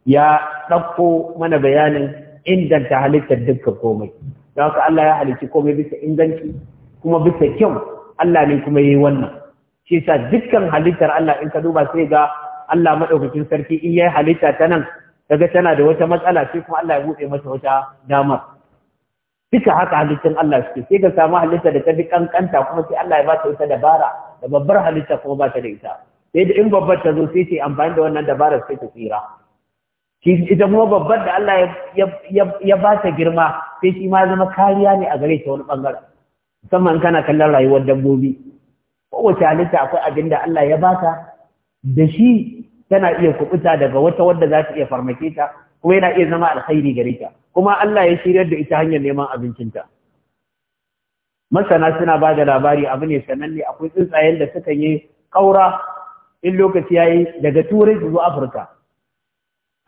ya ɗauko mana bayanin inganta halittar duka komai don haka Allah ya halicci komai bisa inganci kuma bisa kyau Allah ne kuma yayi wannan shi yasa dukkan halittar Allah in ka duba sai ga Allah madaukakin sarki in yayi halitta ta nan kaga tana da wata matsala sai kuma Allah ya buɗe mata wata damar duka haka halittun Allah suke sai ka samu halitta da ta fi kankanta kuma sai Allah ya ba ta isa dabara da babbar halitta kuma ba ta da ita sai da in babbar ta zo sai ta amfani da wannan dabara sai ta tsira ita kuma babbar da Allah ya ba ta girma sai shi ma zama kariya ne a gare ta wani bangaren musamman kana kallon rayuwar dabbobi kowace halitta akwai abin da Allah ya ba ta? da shi tana iya kubuta daga wata wadda za ta iya farmake ta kuma yana iya zama alkhairi gare ta kuma Allah ya shiryar da ita hanyar neman abincinta masana suna ba da labari abu ne sananne akwai tsuntsayen da suka yi kaura in lokaci yayi daga turai su afirka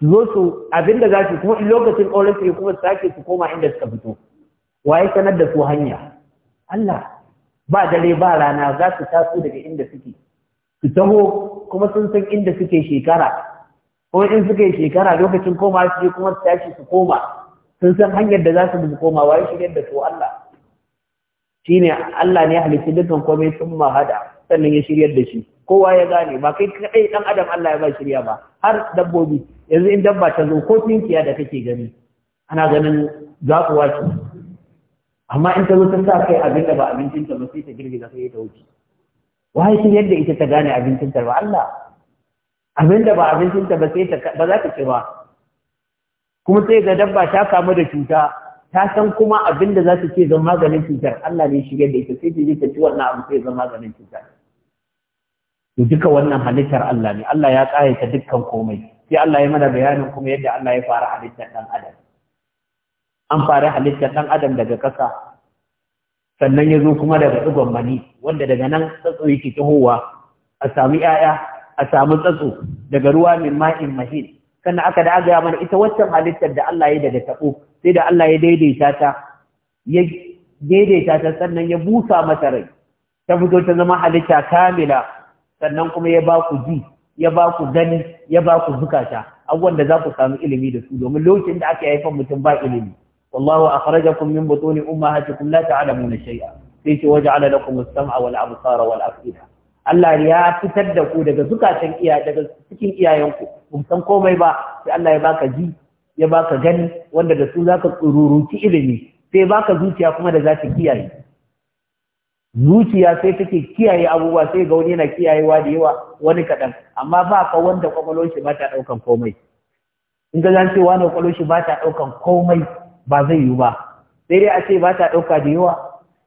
su zo su abin da za su kuma in lokacin ƙaurin su kuma su sake su koma inda suka fito waye sanar da su hanya Allah ba dare ba rana za su taso daga inda suke su taho kuma sun san inda suke shekara ko in suka yi shekara lokacin koma su je kuma su tashi su koma sun san hanyar da za su bi koma wa shi da su Allah shine Allah ne ya halitta dukan komai sun mahada sannan ya shiryar da shi kowa ya gane ba kai kaɗai dan adam Allah ya ba shirya ba har dabbobi yanzu in dabba ta zo ko tinkiya da kake gani ana ganin za ku wace amma in ta zo ta sa kai abin da ba abincinta ba sai ta girgiza sai ta wuce waye shiryar yadda ita ta gane abincinta ba Allah abinda ba abincinta ba sai ba za ta ce ba kuma sai ga dabba ta kamu da cuta ta san kuma abinda za ta ce zan maganin cutar Allah ne shigar da ita sai ta je ta ci wannan abu sai zan maganin cutar to duka wannan halittar Allah ne Allah ya ƙayata dukkan komai sai Allah ya mana bayanin kuma yadda Allah ya fara halittar ɗan adam an fara halittar ɗan adam daga kasa sannan ya zo kuma daga ɗigon mani wanda daga nan tsatsoyi ke tahowa a sami ‘ya'ya a samu tsatso daga ruwa min ma'in mahin sannan aka da aga mana ita waccan halittar da Allah ya daga tabo sai da Allah ya daidaita ta ya daidaita ta sannan ya busa mata rai ta fito ta zama halitta kamila sannan kuma ya ba ku ji ya ba ku gani ya ba ku zukata abubuwan da za ku samu ilimi da su domin lokacin da aka haifar mutum ba ilimi wallahu akhrajakum min butuni ummahatikum la ta'lamuna shay'a sai ce waja'ala lakum as-sam'a wal absara wal afida Allah ya fitar da ku daga zukatan iya daga cikin iyayenku kun san komai ba sai Allah ya baka ji ya baka gani wanda da su zaka tsururuci ilimi sai baka zuciya kuma da zaka kiyaye zuciya sai take kiyaye abubuwa sai ga wani yana kiyayewa da yawa wani kaɗan amma ba ka wanda kwakwalwar shi ba ta ɗaukan komai in ga zan ce wani kwakwalwar shi ba ta ɗaukan komai ba zai yiwu ba sai dai a ce ba ta ɗauka da yawa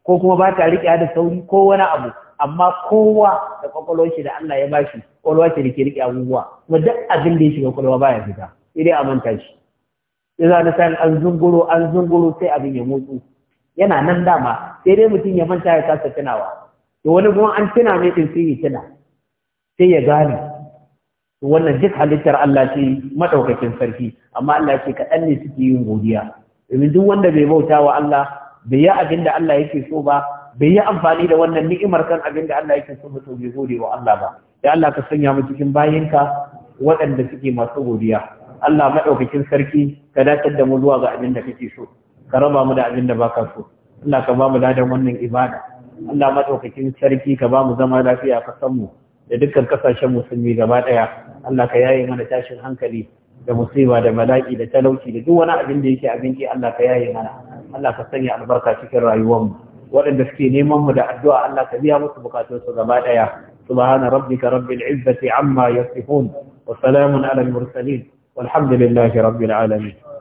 ko kuma ba ta riƙe da sauri ko wani abu amma kowa da kwakwalwar shi da Allah ya shi kwakwalwa ce da ke rike abubuwa kuma duk abin da ya shiga kwakwalwa baya fita sai a manta shi za na san an zunguro an zunguro sai abin ya motsu yana nan dama sai dai mutum ya manta ya kasa tunawa to wani kuma an tuna ne din sai ya tuna sai ya gane to wannan duk halittar Allah ce madaukakin sarki amma Allah ce kaɗan ne suke yin godiya domin duk wanda bai bauta wa Allah bai yi abin da Allah yake so ba bai yi amfani da wannan ni'imar kan abin da Allah yake so mutum bai gode wa Allah ba da Allah ka sanya mu cikin bayinka waɗanda suke masu godiya Allah madaukakin sarki ka dace da mu zuwa ga abin da kake so ka raba mu da abin da baka so Allah ka ba mu ladan wannan ibada Allah maɗaukakin sarki ka ba mu zama lafiya ka san mu da dukkan kasashen musulmi gaba ɗaya. Allah ka yaye mana tashin hankali da musiba da bala'i da talauci da duk wani abin da yake abinci Allah ka yaye mana Allah ka sanya albarka cikin rayuwarmu waɗanda suke neman mu da addu'a Allah ka biya musu bukatunsu gaba ɗaya subhana rabbika rabbil izzati amma yasifun wa salamun ala al mursalin walhamdulillahi rabbil alamin